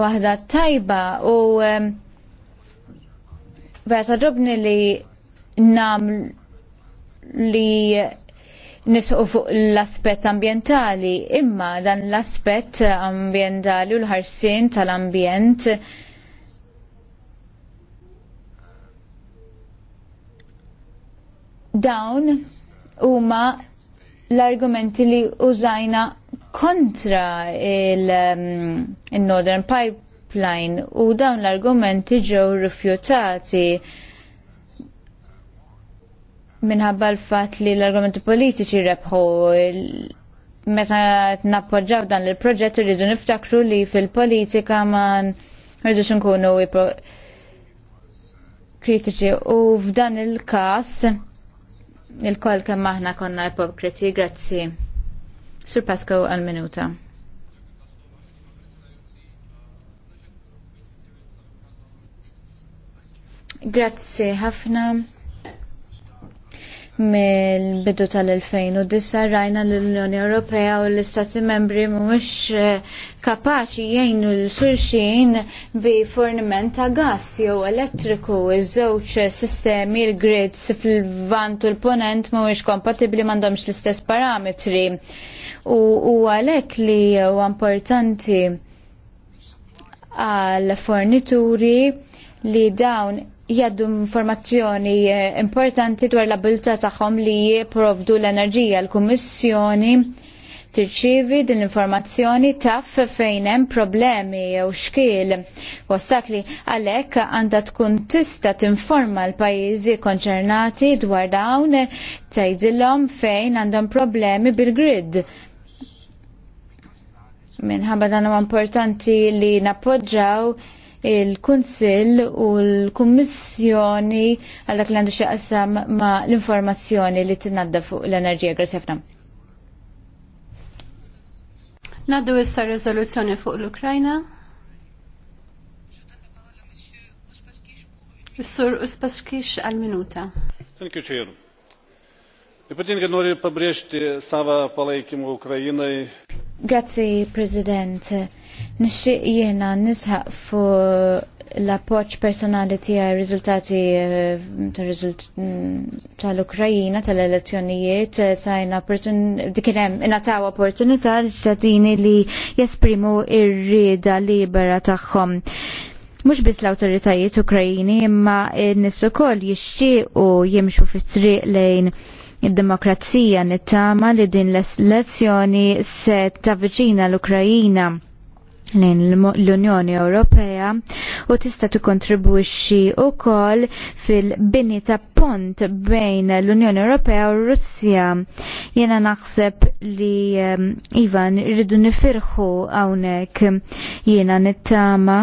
waħda tajba u vera taġobni li nam li nisqu fuq l-aspet ambientali imma dan l-aspet ambientali u l-ħarsin tal-ambjent dawn huma l-argumenti li użajna kontra il-Northern um, Pipeline u dawn l-argumenti ġew rifjutati minħabba l-fat li l-argumenti politiċi rebħu meta nappoġġaw dan il-proġett irridu niftakru li fil-politika ma rridux nkunu kritiċi u f'dan il-każ il-kol kemm aħna konna ipokriti, grazzi. Sir Pasco għal-minuta. Grazie, Hafna mill-bidu tal-2009 rajna l-Unjoni Ewropea u l-Istati Membri mhumiex eh, kapaċi jgħinu l-xulxin bi forniment ta' gas jew elettriku iż-żewġ sistemi l-grids fil-vant u l-ponent mhumiex kompatibbli m'għandhomx l-istess parametri. U għalhekk li huwa importanti għal fornituri li dawn jaddu informazzjoni eh, importanti dwar l-abilità tagħhom li jipprovdu l-enerġija l-Kummissjoni tirċivi din l-informazzjoni taf fejn hemm problemi jew xkiel. Ostakli għalhekk għandha tkun tista' tinforma l-pajjiżi konċernati dwar dawn tgħidilhom fejn għandhom problemi bil-grid. Minħabba dan huwa importanti li nappoġġjaw il-Kunsill u l-Kummissjoni għal dak li għandu xaqsam ma l-informazzjoni li t-nadda fuq l-enerġija. Grazie għafna. Naddu issa rezoluzzjoni fuq l-Ukrajna. sur Uspaskix għal-minuta. Thank you, Chair. Ypatingai noriu pabrėžti savo palaikymą Ukrainai. Grazzi, President. Nixtieq jiena nisħaq fu l-appoċ personali tiegħi riżultati eh, mm, tal-Ukrajina tal-elezzjonijiet tajna eh, dik hemm ingħataw opportunità l-ċittadini li jesprimu r rieda libera tagħhom. Mhux biss l-awtoritajiet Ukrajini imma n-nies ukoll jixtiequ jimxu fit-triq lejn id-demokrazija nittama li din l-elezzjoni se ta'viċina l-Ukrajina lejn l-Unjoni Ewropea u tista' tikkontribwixxi wkoll fil-bini ta' pont bejn l-Unjoni Ewropea u Russja. Jiena naħseb li ehm, Ivan rridu nifirħu hawnhekk jiena nittama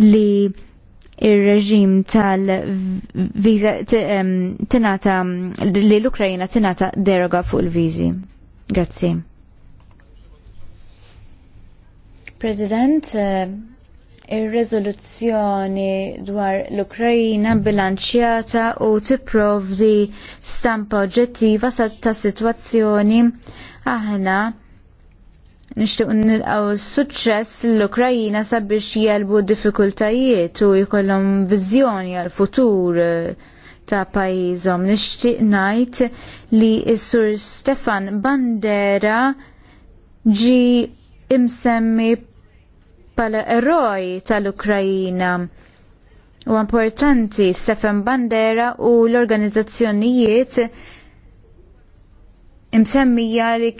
li ir-reġim tal-viza tinata li l-Ukrajina tinata deroga fuq il vizi Grazzi. President, eh, ir-rezoluzzjoni dwar l-Ukrajina bilanċjata u tipprovdi stampa oġġettiva ta' sitwazzjoni aħna Nixtieq nilqgħu suċċess l-Ukrajina sabiex jelbu d diffikultajiet u jkollhom viżjoni għal futur eh, ta' pajjiżhom. Nixtieq ngħid li s-Sur Stefan Bandera ġi imsemmi bħala eroj tal-Ukrajina. U importanti Stefan Bandera u l-organizzazzjonijiet imsemmija li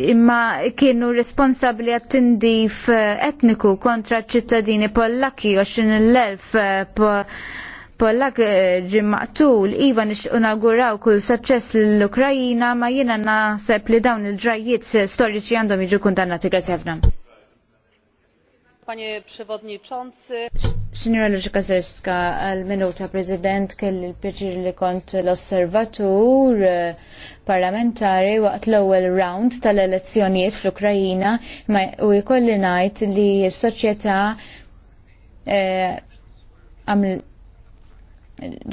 imma kienu responsabli għat-tindif etniku kontra ċittadini pollaki elf eh, pollak eh, ġim maqtul iva nix unaguraw kull suċċess l-Ukrajina ma jiena naħseb li dawn il-ġrajiet storiċi għandhom jiġu kundannati għazjavna. Panie Przewodniczący. Signora Luċika Zeska, minuta President, kelli l-pieċir li kont l-osservatur eh, parlamentari waqt l-ewwel round tal-elezzjonijiet fl-Ukrajina u jkolli ngħid li s-soċjetà eh, għamil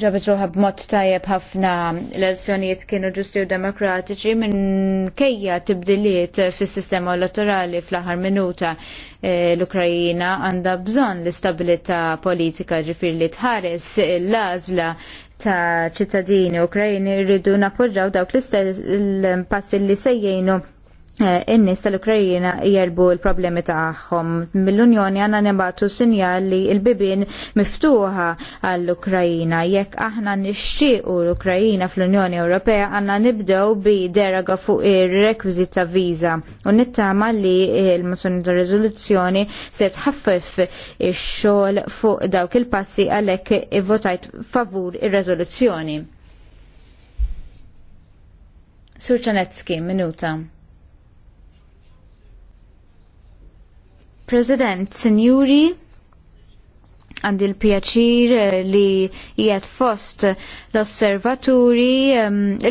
ġabet ruħa b'mod tajjeb ħafna l-elezzjonijiet kienu ġusti u demokratiċi minn kejja tibdiliet fis sistema elettorali fl-aħħar minuta eh, l-Ukrajina għandha bżonn l-istabilità politika ġifir li tħares l-għażla ta' ċittadini Ukrajini rridu nappoġġaw dawk l-passi li sejjenu Eh, in-nies tal-Ukrajina jerbu l-problemi tagħhom. Mill-Unjoni għandna nibatu sinjal li l-bibin miftuħa għall-Ukrajina. Jekk aħna nixtiequ l-Ukrajina fl-Unjoni Ewropea għandna nibdew bi deraga fuq ir-rekwiżit ta' viża u nittama li l-mozzjoni ta' riżoluzzjoni se tħaffef ix-xogħol fuq dawk il-passi għalhekk ivvotajt favur ir-riżoluzzjoni. Surċanetski, minuta. President, Signori, għandi l-pjaċir eh, li jiet fost l-osservaturi,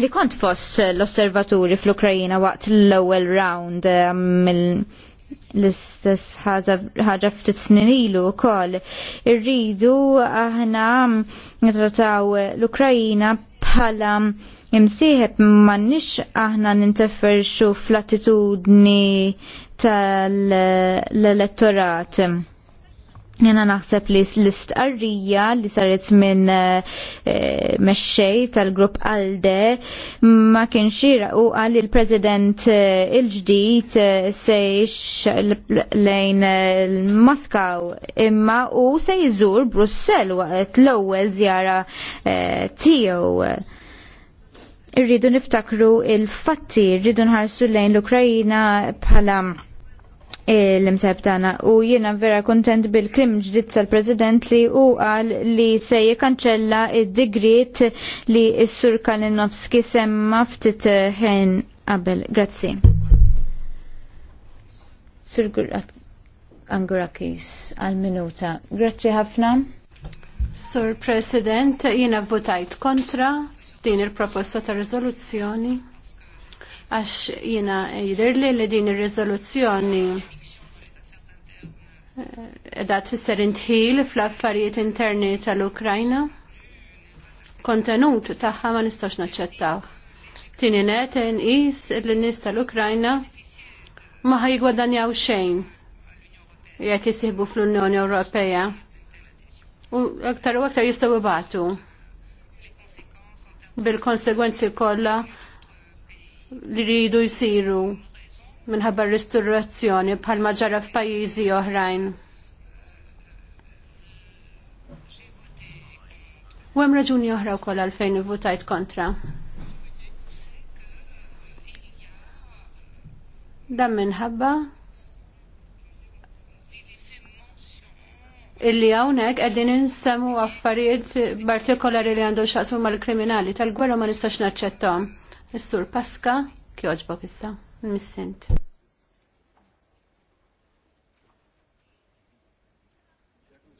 li kont fost l-osservaturi fl-Ukrajina waqt l-ewel round l-istess ħaġa ftit snin ilu wkoll. Irridu aħna nitrataw l-Ukrajina bħala imsieħeb m'għandniex aħna ninteferxu fl-attitudni tal-elettorat. Jena naħseb li l-istqarrija li saret minn eh, meċċej tal-grupp Alde ma kienx u għal il-president eh, il-ġdijt eh, sejx lejn Moskaw imma u se jżur Brussel waqt l-ewwel zjara tiegħu irridu niftakru il-fatti, irridu nħarsu lejn l-Ukrajina bħala l-imseb tagħna u jiena vera kontent bil-klim ġdid tal-President li u qal li se jikkanċella id-digrit li s-sur Kalinowski semma ftit ħen qabel. Grazzi. Sur Angurakis għal-minuta. Grazzi ħafna. Sur President, jiena votajt kontra din il-proposta ta' rezoluzzjoni għax jina jidirli li din il rezoluzzjoni eh, edha tfisser intħil fl-affarijiet interni tal-Ukrajna kontenut tagħha ma nistax naċċettaw. Tieni net inqis l-nies tal-Ukrajna ma ħajgwadanjaw xejn jekk jisibu fl-Unjoni Ewropea. U aktar u aktar jistgħu ibatu bil-konsegwenzi kollha li rridu jsiru minħabba r-ristorazzjoni bħalma ġara f'pajjiżi oħrajn. U hemm raġuni oħra wkoll għalfejn ivvutajt kontra. Dan minħabba illi hawnhekk qegħdin insemmu affarijiet partikolari li għandhom xaqsmu mal-kriminali tal-gwerra ma nistax naċċettahom. Is-sur Paska kjoġbok issa, missint.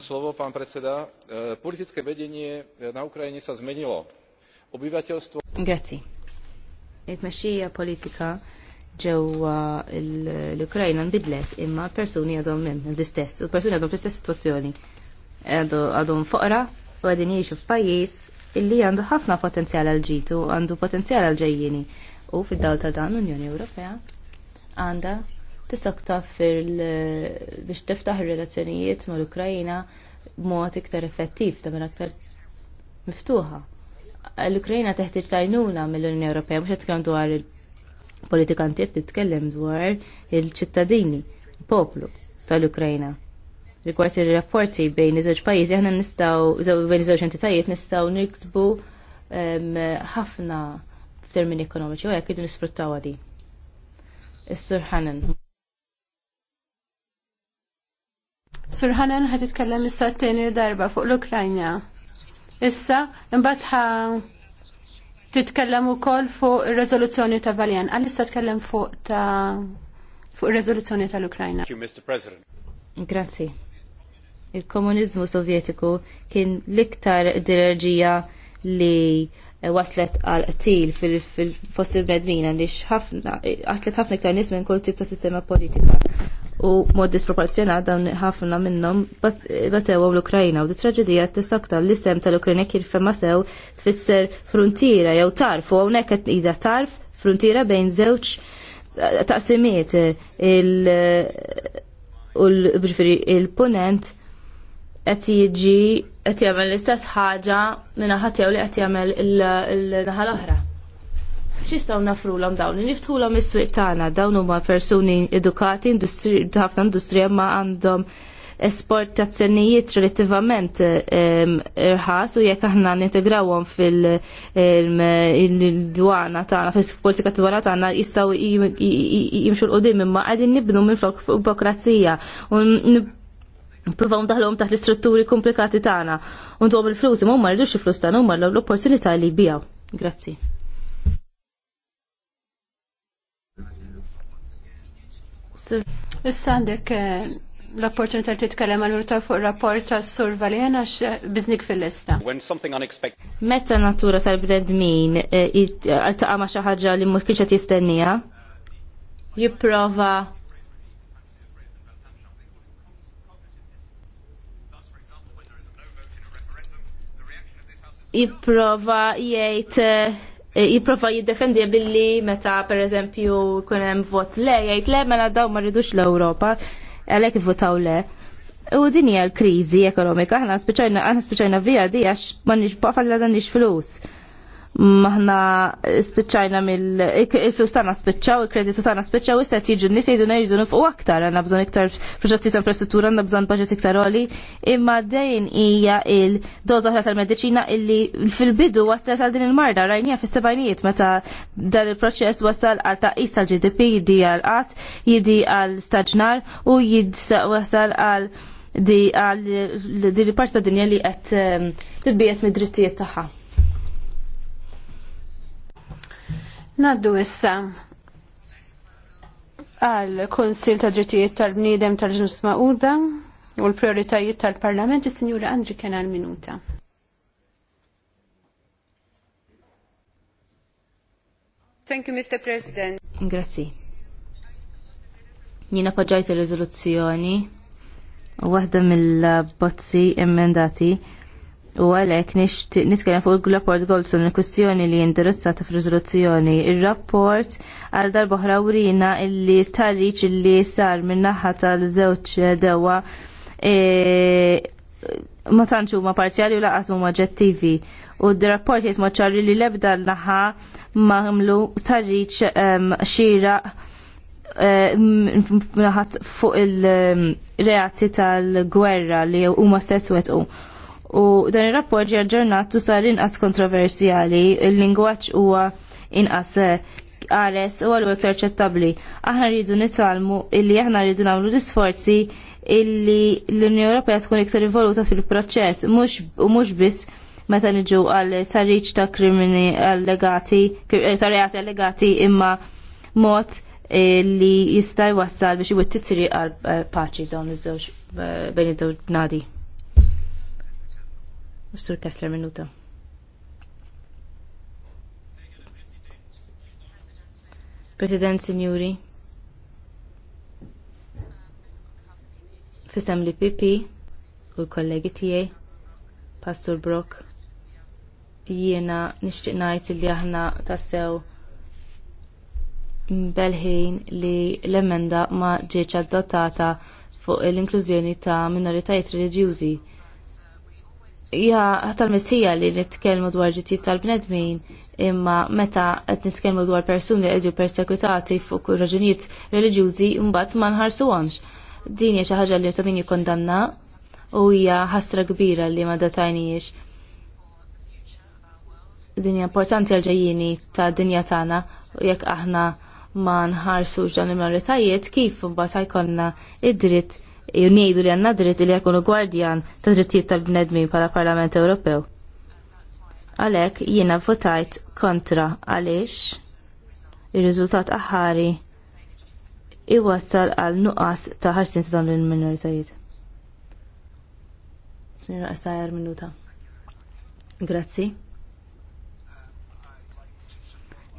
Slovo, pán predseda. E, politické vedenie na Ukrajine sa zmenilo. Obyvateľstvo... Grazie. il mešia politika ġewwa l-Ukrajna nbidlet imma persuni għadhom minn l-istess, u persuni għadhom fl-istess situazzjoni. Għadhom foqra u għadin jiexu f'pajjiż illi għandu ħafna potenzjal għal ġitu, għandu potenzjal għal ġejjini. U fid-dawl ta' dan l-Unjoni Ewropea għandha tisokta fil biex tiftaħ ir-relazzjonijiet mal-Ukrajna b'mod iktar effettiv ta' minn aktar miftuħa. L-Ukrajna teħtieġ tajnuna mill-Unjoni Ewropea mhux qed dwar il- politikantiet titkellem dwar il-ċittadini, poplu tal-Ukrajna. Rikwart il rapporti bejn iż-żewġ pajjiżi aħna nistgħu bejn iż-żewġ entitajiet nistgħu niksbu ħafna f'termini ekonomiċi u jekk idu nisfruttaw għadi. Is-Sur Ħanan. Sur Ħanan ħad titkellem issa t-tieni darba fuq l-Ukrajna. Issa, imbagħad titkellem ukoll fuq ir rezoluzzjoni ta' Valjan. Għalissa tkellem fuq ta' fuq ir-riżoluzzjoni tal-Ukrajna. Grazzi. Il-komuniżmu sovjetiku kien l-iktar li waslet għal qtil fil-fost il-bnedmina li xħafna, għatlet ħafna iktar nis minn kull tip ta' sistema politika u mod disproporzjonat dawn ħafna minnhom batew l-Ukrajna u di traġedija tisaktar l-isem tal-Ukrajna kif fema sew tfisser frontiera jew tarf u hawnhekk qed qiegħda tarf frontiera bejn żewġ eh, taqsimiet eh, il il-punent qed jiġi qed jagħmel l-istess ħaġa minn ħadd jew li qed jagħmel il-naħa l-oħra xistaw nafrulhom dawn, niftħulhom is-swieq tagħna, dawn huma persuni edukati, ħafna industrija ma għandhom esportazzjonijiet relattivament irħas u jekk aħna nintegrawhom fil-dwana tagħna fil-politika dwana tagħna jistgħu jimxu l-qudiem imma qegħdin nibnu minn flok burokrazija u Provaw daħlhom taħt l-istrutturi komplikati tagħna u il-flus imma huma rridux il-flus tagħna huma l-opportunità li jbijaw. Grazzi. Issa għandek eh, l-opportunità li titkellem għal minuta fuq rapport ta' Sur Valjena eh, biznik fil-lista. Meta natura tal għal eh, għaltaqa ma' xi ħaġa li mhux kienx qed jistennija, jipprova jipprova jgħid E, jiprofa jiddefendi billi meta per eżempju kunem vot le, jgħid le mela daw ma rridux l-Ewropa, għalhekk votaw le. U din hija l-kriżi ekonomika, aħna speċajna aħna spiċajna via di għax ma nix dan nix flus maħna spiċċajna mill il-flus tagħna spiċċaw, il-kreditu tagħna spiċċaw, issa tiġu n-nies jgħidu ngħidu nifqu aktar, għandna bżonn iktar proġetti ta' infrastruttura, għandna bżonn baġit iktar għoli, imma dejn hija il-doża oħra tal-mediċina illi fil-bidu waslet għal din il-marda rajnija fis sebajnijiet meta dan il-proċess wasal għal taqis tal-GDP jidi għal qatt, jidi għal staġnar u jid wasal għal di għal di parta dinja li qed ehm, tibbiet mid-drittijiet tagħha. Naddu issa għal Konsil ta' Drittijiet tal-Bniedem tal-Ġnus Mauda u l-prioritajiet tal-Parlament, is-Sinjura Andri Kena l minuta. Thank you, Mr. President. Grazzi. Jina poġġajt il-rizoluzzjoni waħda mill-bozzi emendati U għalhekk nitkellem fuq il-rapport Goldson il-kwistjoni li indirizzata f'riżoluzzjoni. Ir-rapport għal darba oħra urina illi starriċ illi sar minn naħa tal-żewġ dewa e, ma tantx huma parzjali u laqas huma oġġettivi. U d-rapport jitma ċarri li lebda l-naħa ma għamlu starriċ xira e, fuq il-reazzi tal-gwerra li huma stess wetqu. U dan ir-rapport ġi aġġornat u sar inqas kontroversjali, il-lingwaġġ huwa inqas għares eh, u għallu iktar ċettabbli. Aħna rridu nitalmu illi aħna rridu nagħmlu l-isforzi illi l-Unjoni Ewropea tkun iktar involuta fil-proċess, u mhux biss meta niġu għal sarriċ ta' krimini allegati, eh, ta' reati allegati imma mod li jista' jwassal biex iwitt titri għal eh, paċi dawn iż-żewġ bejn iż-żewġ nadi. Mr. Kessler, minuta. President, signori, fissam li PP u l-kollegi tijaj, Pastor Brock, jiena nishtiq najt li aħna tassew belħin li l-emenda ma ġieċa adottata fuq l-inklużjoni ta' minoritajiet reliġjużi Ja, tal messija li nitkellmu dwar ġittijiet tal-bnedmin imma meta qed nitkellmu dwar persuni li qegħdu persekutati fuq raġunijiet reliġjużi mbagħad ma nħarsuhomx. Din hija xi ħaġa li ta' min jikkondanna u hija ħasra kbira li ma datajniex. Din hija importanti għal ġejjini ta' dinja tagħna jekk aħna ma nħarsux dan il-minoritajiet kif mbagħad ħajkollna id-dritt jnejdu e li għanna dritt li jekunu gwardjan ta' drittijiet tal-bnedmin pala Parlament Ewropew. Għalek jiena votajt kontra għalix il-riżultat aħari iwassal għal nuqqas ta' ħarsin ta' dan il-minoritajiet. Sinjora minuta. Grazzi.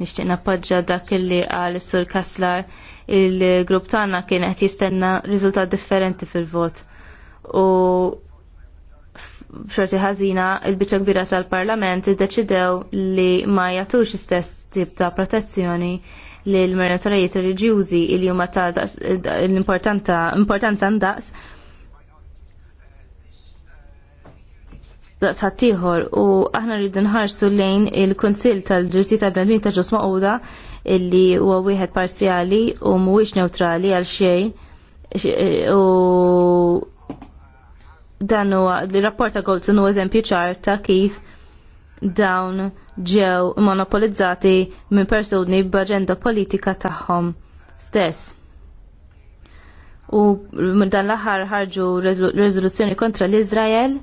Nishtiqna nappoġġa dak li għal sur Kaslar il-grupp tagħna kien qed jistenna riżultat differenti fil-vot. U b'xorti ħażina il-biċċa kbira tal-Parlament iddeċidew li ma jagħtux istess tip ta' protezzjoni lil minoritarijiet reliġjużi li huma ta' l-importanza ndaqs daqs ħaddieħor u aħna rridu nħarsu lejn il-Kunsill tal-Ġursi tal-Bnedmin ta' Ġusma Uda illi huwa wieħed parzjali u mhuwiex neutrali għal xejn e, u dan huwa l-rapport ta' Goldson huwa eżempju ċar ta' kif dawn ġew monopolizzati minn persuni b'aġenda politika tagħhom stess. U dan l-aħħar ħarġu rezoluzzjoni kontra l-Iżrael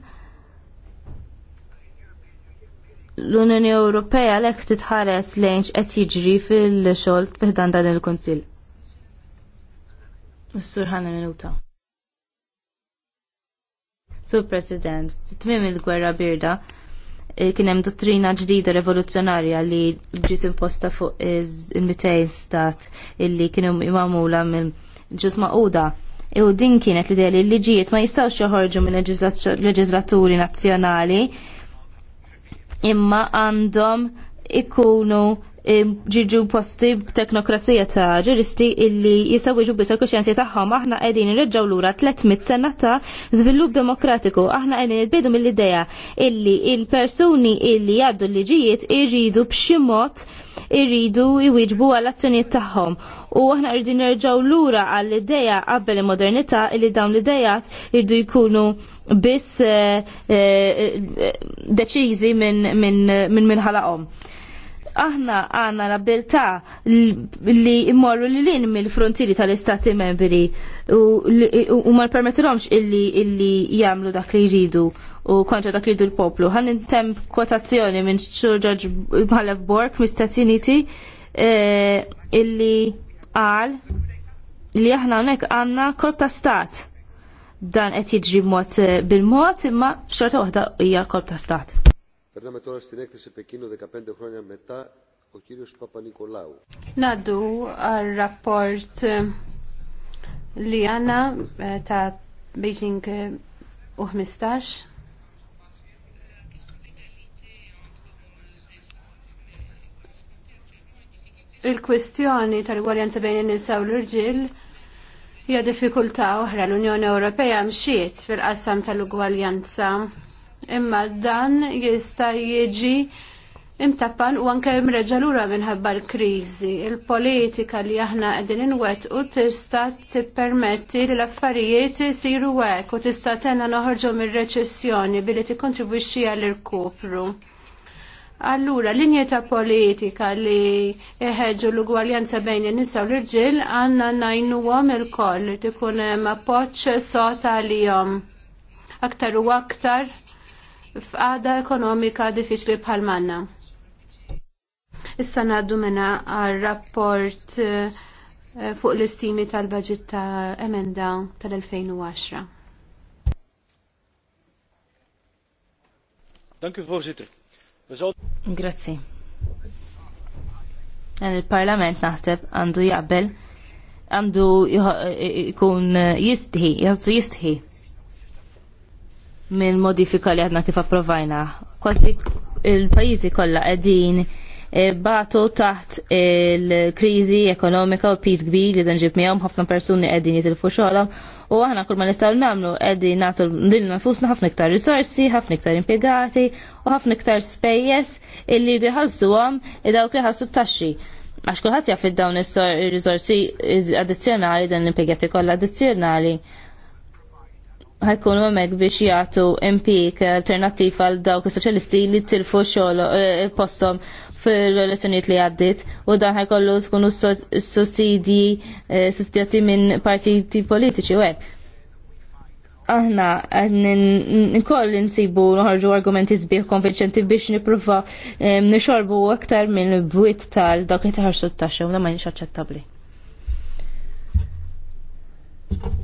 l-Unjoni Ewropea lek titħares lejn x'qed jiġri fil-xogħol fiħdan dan il-Kunsill. Is-sur ħana minuta. Sur President, tmiem il-gwerra birda eh, kien hemm dottrina ġdida rivoluzzjonarja li ġiet imposta fuq il mitejn stat illi kienu imamula minn ġus maquda u din kienet l-idea li l-liġijiet ma jistgħux joħorġu minn leġislaturi nazzjonali imma għandhom ikunu ġiġu posti b'teknokrazija ta' ġuristi illi jisawiġu bisa kuxjenzi tagħhom aħna qegħdin irreġgħu lura 300 sena ta' żvilupp demokratiku. Aħna qegħdin nitbiedu mill-idea illi il-persuni illi jaddu l-liġijiet irridu b'xi mod irridu jwieġbu għal azzjonijiet tagħhom. U aħna rridu nerġgħu lura għall ideja qabel il-modernità li dawn l-idejat irdu jkunu biss eh, eh, eh, deċiżi minn minħalaqhom. Min, min, min aħna għanna l-abilta li immorru li lin mill-frontieri tal-istati membri u ma permettilhomx illi illi jagħmlu dak li jridu u kontra dak li jridu l-poplu. Ħan intem kwotazzjoni minn Sir George Malef Bork mis-Stati Uniti eh, illi qal li aħna hawnhekk għandna kolb ta' stat dan qed jiġri mod eh, bil-mod imma xorta waħda hija kolb ta' stat. Περνάμε τώρα στην έκθεση Πεκίνου 15 χρόνια μετά ο κύριος Παπα-Νικολάου. Να δω ραπόρτ Λιάννα τα Beijing u il kwestjoni tal-gwarjanza bejn in-nisa u l-irġiel hija diffikultà oħra l-Unjoni Ewropea mxiet fil-qassam tal-ugwaljanza imma dan jista' jiġi imtappan u anke imreġa' lura minħabba l-kriżi. Il-politika li aħna qegħdin inwet u tista' tippermetti li l-affarijiet isiru hekk u tista' tenna noħorġu mir-reċessjoni billi tikkontribwixxi għall-irkupru. Allura, linje ta' politika li ħeġu l-ugwaljanza bejn in-nisa u l-irġiel għandna għom il-koll tikun hemm appoġġ sota għalihom. Aktar u aktar f'għada ekonomika diffiċli bħal manna. Issa naddu minna għal rapport eh, fuq l-istimi tal-budget ta' emenda tal-2010. Danke, u voorzitter. Grazzi. Il-parlament naħseb għandu jaqbel għandu jkun eh, eh, jistħi, jgħazzu jistħi minn modifika li għadna kif approvajna. Kważi il-pajizi kollha qegħdin eh, batu taħt il-krizi ekonomika u pis kbir li danġib miegħhom ħafna persuni qegħdin jizil xogħolhom u aħna kull ma nistgħu nagħmlu qegħdin nagħtu lil nfusna ħafna iktar risorsi, ħafna iktar impjegati u ħafna iktar spejjeż illi jridu jħallsuhom dawk li t taxxi. Għax kulħadd jaffid dawn il risorsi addizzjonali dan l impiegati kollha addizzjonali ħajkunu għamek biex jgħatu impik alternativ għal dawk soċjalisti li tilfu xogħol eh, postom fil relazzjoniet li għaddit u dan ħajkollu tkunu sussidji eh, sussidjati minn partiti politiċi u għek. Aħna nkoll insibu nħarġu argumenti sbieħ konvinċenti biex nipprova eh, nixorbu aktar minn bwit tal dawk li taħarsu t-taxxa u ma nix aċċettabbli.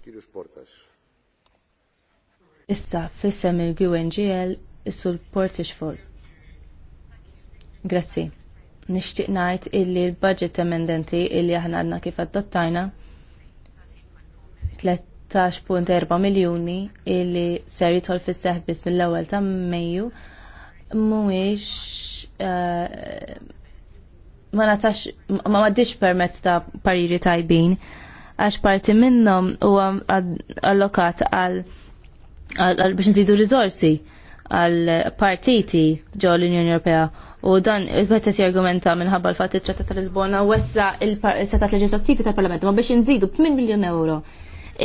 Kirus Issa fissem il-GUNGL issul Portish Fall. Grazzi. Nixtieq ngħid illi l-budget emendenti illi aħna għadna kif adottajna 13.4 miljuni illi ser jitħol fis-seħ biss mill-ewwel ta' Mejju mhuwiex eh, ma natax ma għaddix permezz ta' pariri tajbin għax parti minnhom huwa allokat għal biex nżidu rizorsi għal partiti ġo l-Unjoni Ewropea u dan il-betet jargumenta minħabba l fatti ċetta tal-Lisbona wessa il setat leġislattivi tal-Parlament ma biex nżidu 8 miljon euro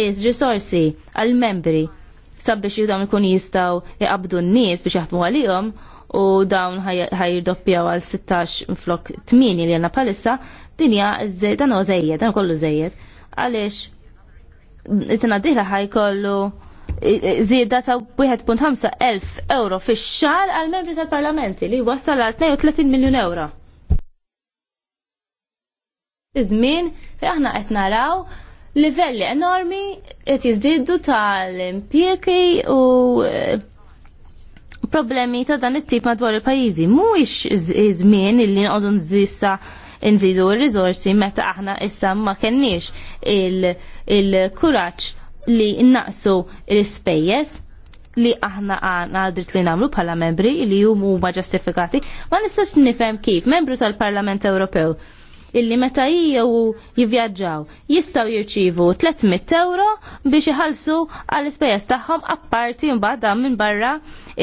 Iż risorsi għal-membri sabiex dawn ikun jistaw jqabdu n-nies biex jaħdmu għalihom u dawn ħajdoppjaw għal 16 flok 8 li għanna palissa dinja dan u zejjed, dan kollu zejjed għalix it-sena diħla ħajkollu zieda ta' 1.5 elf euro fix xar għal membri tal-parlamenti li wassal għal 32 miljon euro. Iż-żmien aħna qed naraw livelli enormi qed jiżdiedu tal-impjiegi u eh, problemi ta' dan it-tip madwar il-pajjiżi. Mhuwiex iż-żmien li nqogħdu nżissa nżidu r-riżorsi meta aħna issa ma kenniex il-kuraġġ il kuraġġ li innaqsu l-ispejjeż li aħna għana dritt li namlu bħala membri li jumu huma ġustifikati, ma nistax nifhem kif membru tal-Parlament Ewropew illi meta jew jivvjaġġaw jistgħu jirċivu 300 euro biex iħallsu għall ispejjeż tagħhom apparti mbagħad minn barra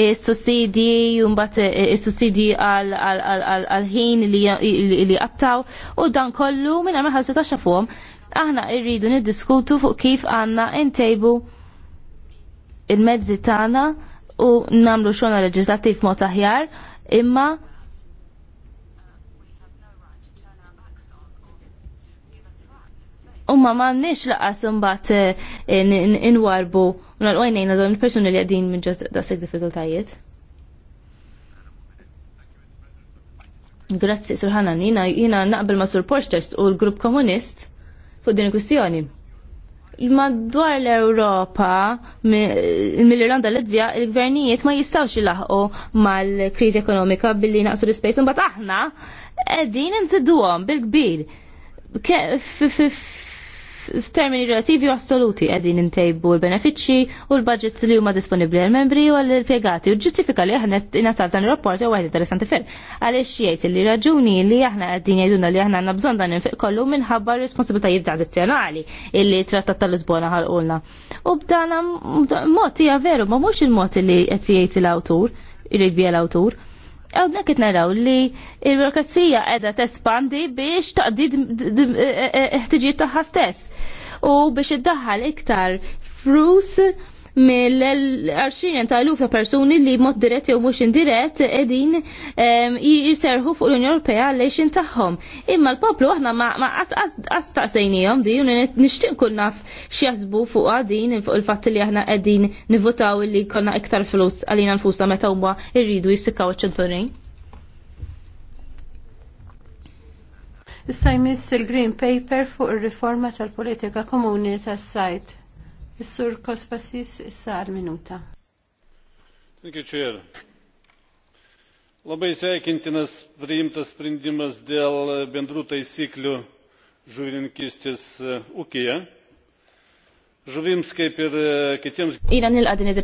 is-sussidji mbagħad is-sussidji għal ħin li qattaw u dan kollu minn ma ħallsu taxxa fuqhom aħna irridu niddiskutu fuq kif għanna intejbu il-mezzi tagħna u namlu xogħol leġislattiv mod aħjar imma Umma ma nix laqas imbagħad eh, inwarbu u nalqajnejna dawn il-persuni li qegħdin minn ġod daqshekk diffikultajiet. Grazzi, Surħana, jina naqbel ma' Sur Porstest u l-Grupp Komunist fuq din il-kwistjoni. Madwar l-Europa, mill-Irlanda l edvija il-gvernijiet ma jistawx laħqu mal-krizi ekonomika billi naqsu l-space, mbagħad aħna qegħdin inżidduhom bil-kbir f'termini relativi u assoluti qegħdin intejbu l-benefiċċji u l-budgets li huma disponibbli għal membri u għall impjegati u ġustifika li aħna ingħatar dan ir-rapport huwa wieħed interessanti fil. Għaliex jgħid li raġuni li aħna qegħdin jgħiduna li aħna għandna bżonn dan infiq kollu minħabba responsabilitajiet addizzjonali illi trattat tal-Lisbona ħalqulna. U b'dan mod hija veru, ma mhux il-mod li qed jgħid l-awtur, irid bija l-awtur, għadna kitt naraw li il-birokrazija edha tespandi biex taqdi ħtiġiet taħħa stess u biex iddaħħal iktar frus mill-20 ta' luf ta' persuni li mod dirett jew mhux indirett qegħdin ehm, jiserħu fuq l-Unjoni Ewropea għaliex tagħhom. Imma l-poplu aħna ma qas di u nixtieq kun naf x'jaħsbu fuq għadin fuq il-fatt li aħna qegħdin nivutaw li konna iktar flus għalina nfusha meta huma rridu jissikkaw iċ-ċenturin. Issa jmiss il-Green Paper fuq il riforma tal-politika komuni tas-sajt. Is-Sur Kospasis issa għal-minuta. Thank you, Chair. Labai sveikintinas priimtas sprendimas dėl bendrų taisyklių žuvininkistės e, ūkija. Žuvims kaip ir e, kitiems. Ina nilqa din id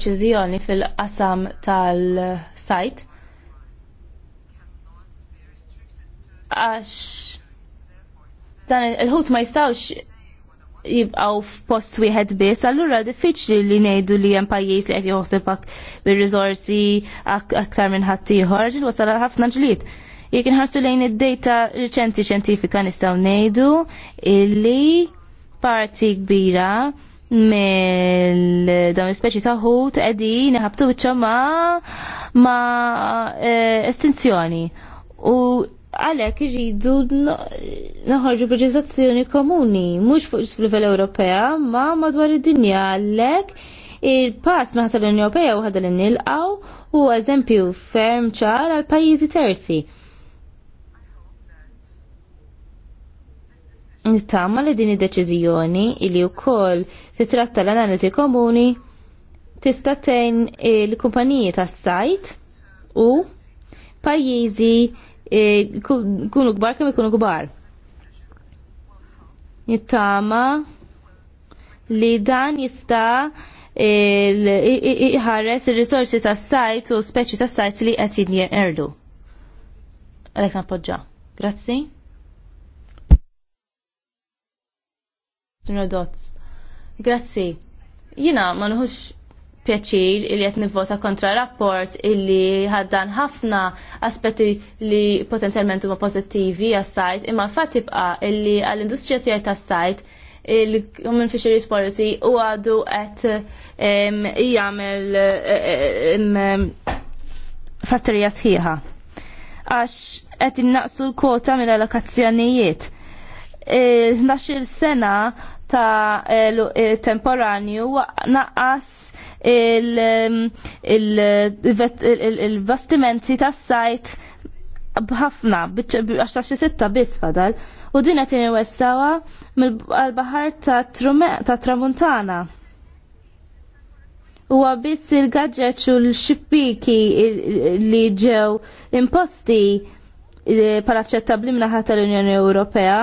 fil asam tal-sajt. Aš dan il-ħut ma jistawx jibqaw f'post wieħed biss, allura diffiċli li ngħidu li hemm pajjiż li qed joħsibak bir-riżorsi aktar minn ħadd ieħor, ġil wasal għal ħafna ġlied. Jekk inħarsu lejn id-data riċenti xjentifika nistgħu ngħidu illi parti kbira mill dawn l-ispeċi ta' ħut qegħdin iħabtu ma' ma' eh, estinzjoni. U għalhekk iridu naħorġu preċizazzjoni komuni, mhux fuq fil-livell Ewropea, ma madwar id-dinja għalhekk il-pass maħta l-Unjoni Ewropea waħda l nilqaw u eżempju ferm ċar għal pajjiżi terzi. Nittama li din id-deċiżjoni li wkoll titratta l analizi komuni tista' tgħin il-kumpaniji tas-sajt u pajjiżi E, kunu kbar kemm ikunu kbar. Nittama li dan jista' e, iħares il-risorsi ta' sajt u speċi ta' sajt li qed erdu. Għalek nappoġġa. Grazzi. Grazzi. Jina ma nħux pjaċir li qed nivvota kontra rapport illi ħaddan ħafna aspetti li potenzjalment huma pożittivi għas-sajt imma fatt tibqa' illi għall-industrija tiegħi tas-sajt il-Human Fisheries Policy u għadu qed jagħmel fatterija sħiħa. Għax qed jinnaqsu l-kwota mill-allokazzjonijiet. il sena ta' temporanju naqqas il um, vestimenti tas-sajt bħafna, għax ta' xi sitta biss fadal, u din qed wessawa mill-baħar ta' Tramuntana. Huwa biss il-gaġġeġ u l-xippiki li ġew imposti eh, pal-aċċettabli mnaħa tal-Unjoni Ewropea,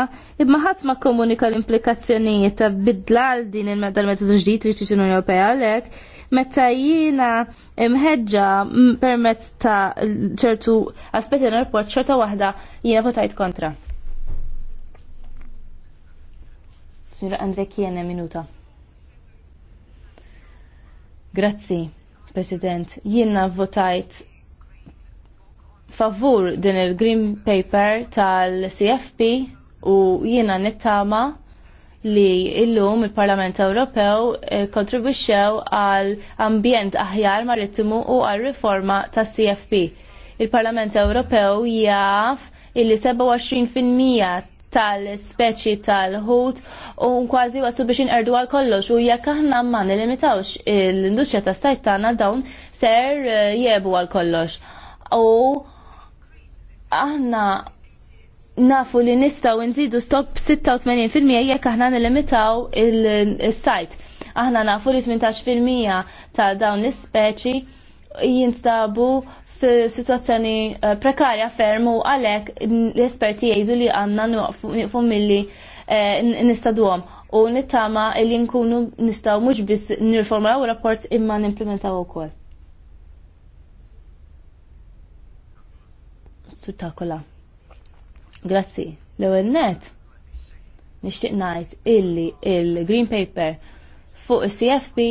imma ħadd ma komunika l-implikazzjonijiet ta' bidla għal din il-metodu ġdid li l-Unjoni Ewropea għalhekk meta jiena imħeġġa permezz ta' ċertu aspetti tal rapport xorta waħda jiena votajt kontra. Signora Andre jiena minuta. Grazzi, President. Jiena votajt favur din il-Green Paper tal-CFP u jiena nittama li illum il-Parlament Ewropew eh, kontribwixxew għal ambjent aħjar marittimu u għal riforma tas CFP. Il-Parlament Ewropew jaf illi 27% tal-speċi tal-ħut u kważi wasu biex inqerdu għal kollox u jekk aħna ma nilimitawx l-industrija tas-sajt tagħna dawn ser eh, jebu għal kollox. U aħna nafu li nistaw nżidu stok b-86% jekk aħna nilimitaw il-sajt. Aħna nafu li 18% ta' dawn l-speċi jinstabu f-situazzjoni eh, prekarja fermu għalek l-esperti jgħidu li għanna nuqfu mill-li eh, nistadwom u nittama li nkunu nistaw mux bis nirformaw rapport imma nimplementaw u kol. Suttakola. Grazzi. L-ewwel net nixtieq ngħid illi il-Green Paper fuq is-CFP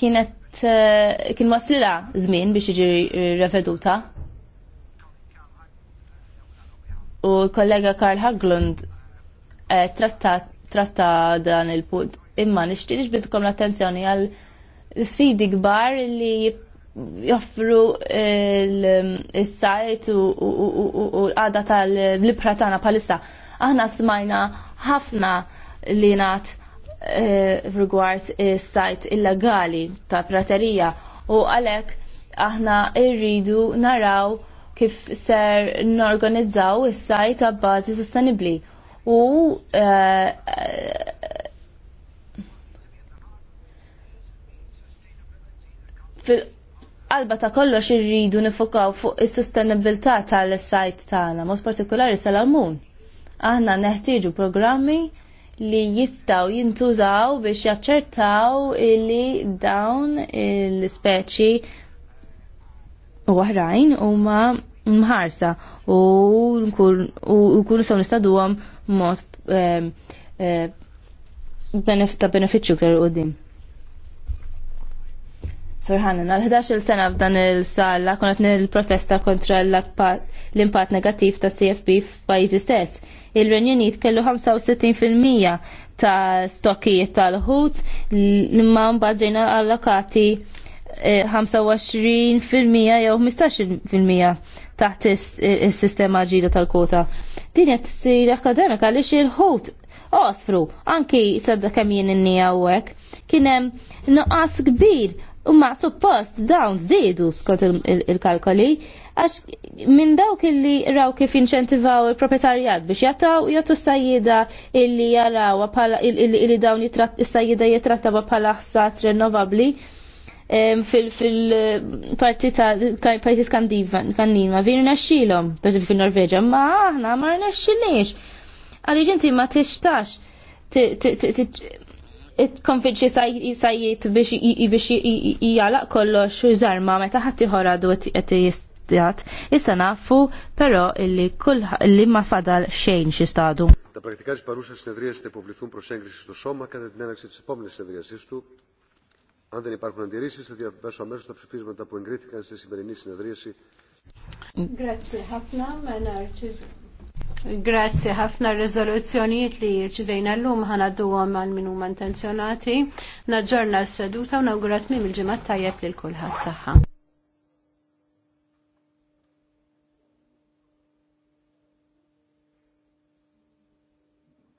kienet eh, kien wasila żmien biex jiġi reveduta. U l-kollega Karl Haglund eh, tratta dan il-punt imma nixtieq nixbidkom l-attenzjoni għal sfidi kbar li joffru il-sajt u l-għada tal-libra tagħna bħalissa. Aħna smajna ħafna li nat eh, rigward is-sajt illegali ta' praterija u għalhekk aħna rridu naraw kif ser norganizzaw is-sajt ta' bazi sostenibbli. U eh, eh, fil qalba ta' kollox irridu nifokaw fuq is-sostenibilità tal-sajt tagħna, mod partikolari salamun. Aħna neħtieġu programmi li jistaw jintużaw biex jaċċertaw li dawn l-speċi u oħrajn huma mħarsa u nkunu saw nistadu mod eh, eh, ta' beneficju ktar u Sorħanan, għal-11 sena f'dan il-salla konet nil-protesta kontra l-impatt negativ ta' CFP f'pajjiżi stess. Il-Renju Unit kellu 65% ta' stokkijiet tal-ħut imma mbagħad ġejna allokati 25% eh, jew 15% taħt is-sistema ġida tal-kota. Din qed tsir akademika għaliex il-ħut osfru, anki sadda kemm jien inni hawnhekk, kien hemm nuqqas kbir Umma suppost dawn żdiedu skont il-kalkoli għax minn dawk illi raw kif inċentivaw il-proprjetarjat biex jataw jagħtu sajjida illi jaraw illi dawn s sajjida jitrattawa bħala ħsat rinnovabbli fil-parti ta' pajtis ma' vin naxxilom, per fil-Norveġa, ma aħna ma naxxilniex. Għalli ġinti ma tixtax it-konfidġi sajjiet biex jgħalaq kollox u jżarma meta ħadd ħoradu qed jistijat. Issa nafu pero illi kull li ma fadal xejn xi stadu. Τα s-tu παρούσα kada d υποβληθούν προ έγκριση s Σώμα s την έναρξη τη επόμενη συνεδρίασή του. Αν δεν υπάρχουν αντιρρήσει, θα διαβάσω αμέσω τα ψηφίσματα που εγκρίθηκαν στη σημερινή συνεδρίαση. Grazie, ħafna, Hafna, Menarci. Grazzi ħafna r-rezoluzzjonijiet li jirċivejna l-lum ħanaddu għom għal minn huma intenzjonati. Naġġorna s-seduta u nawgurat mim il-ġimgħat tajjeb lil kulħadd saħħa.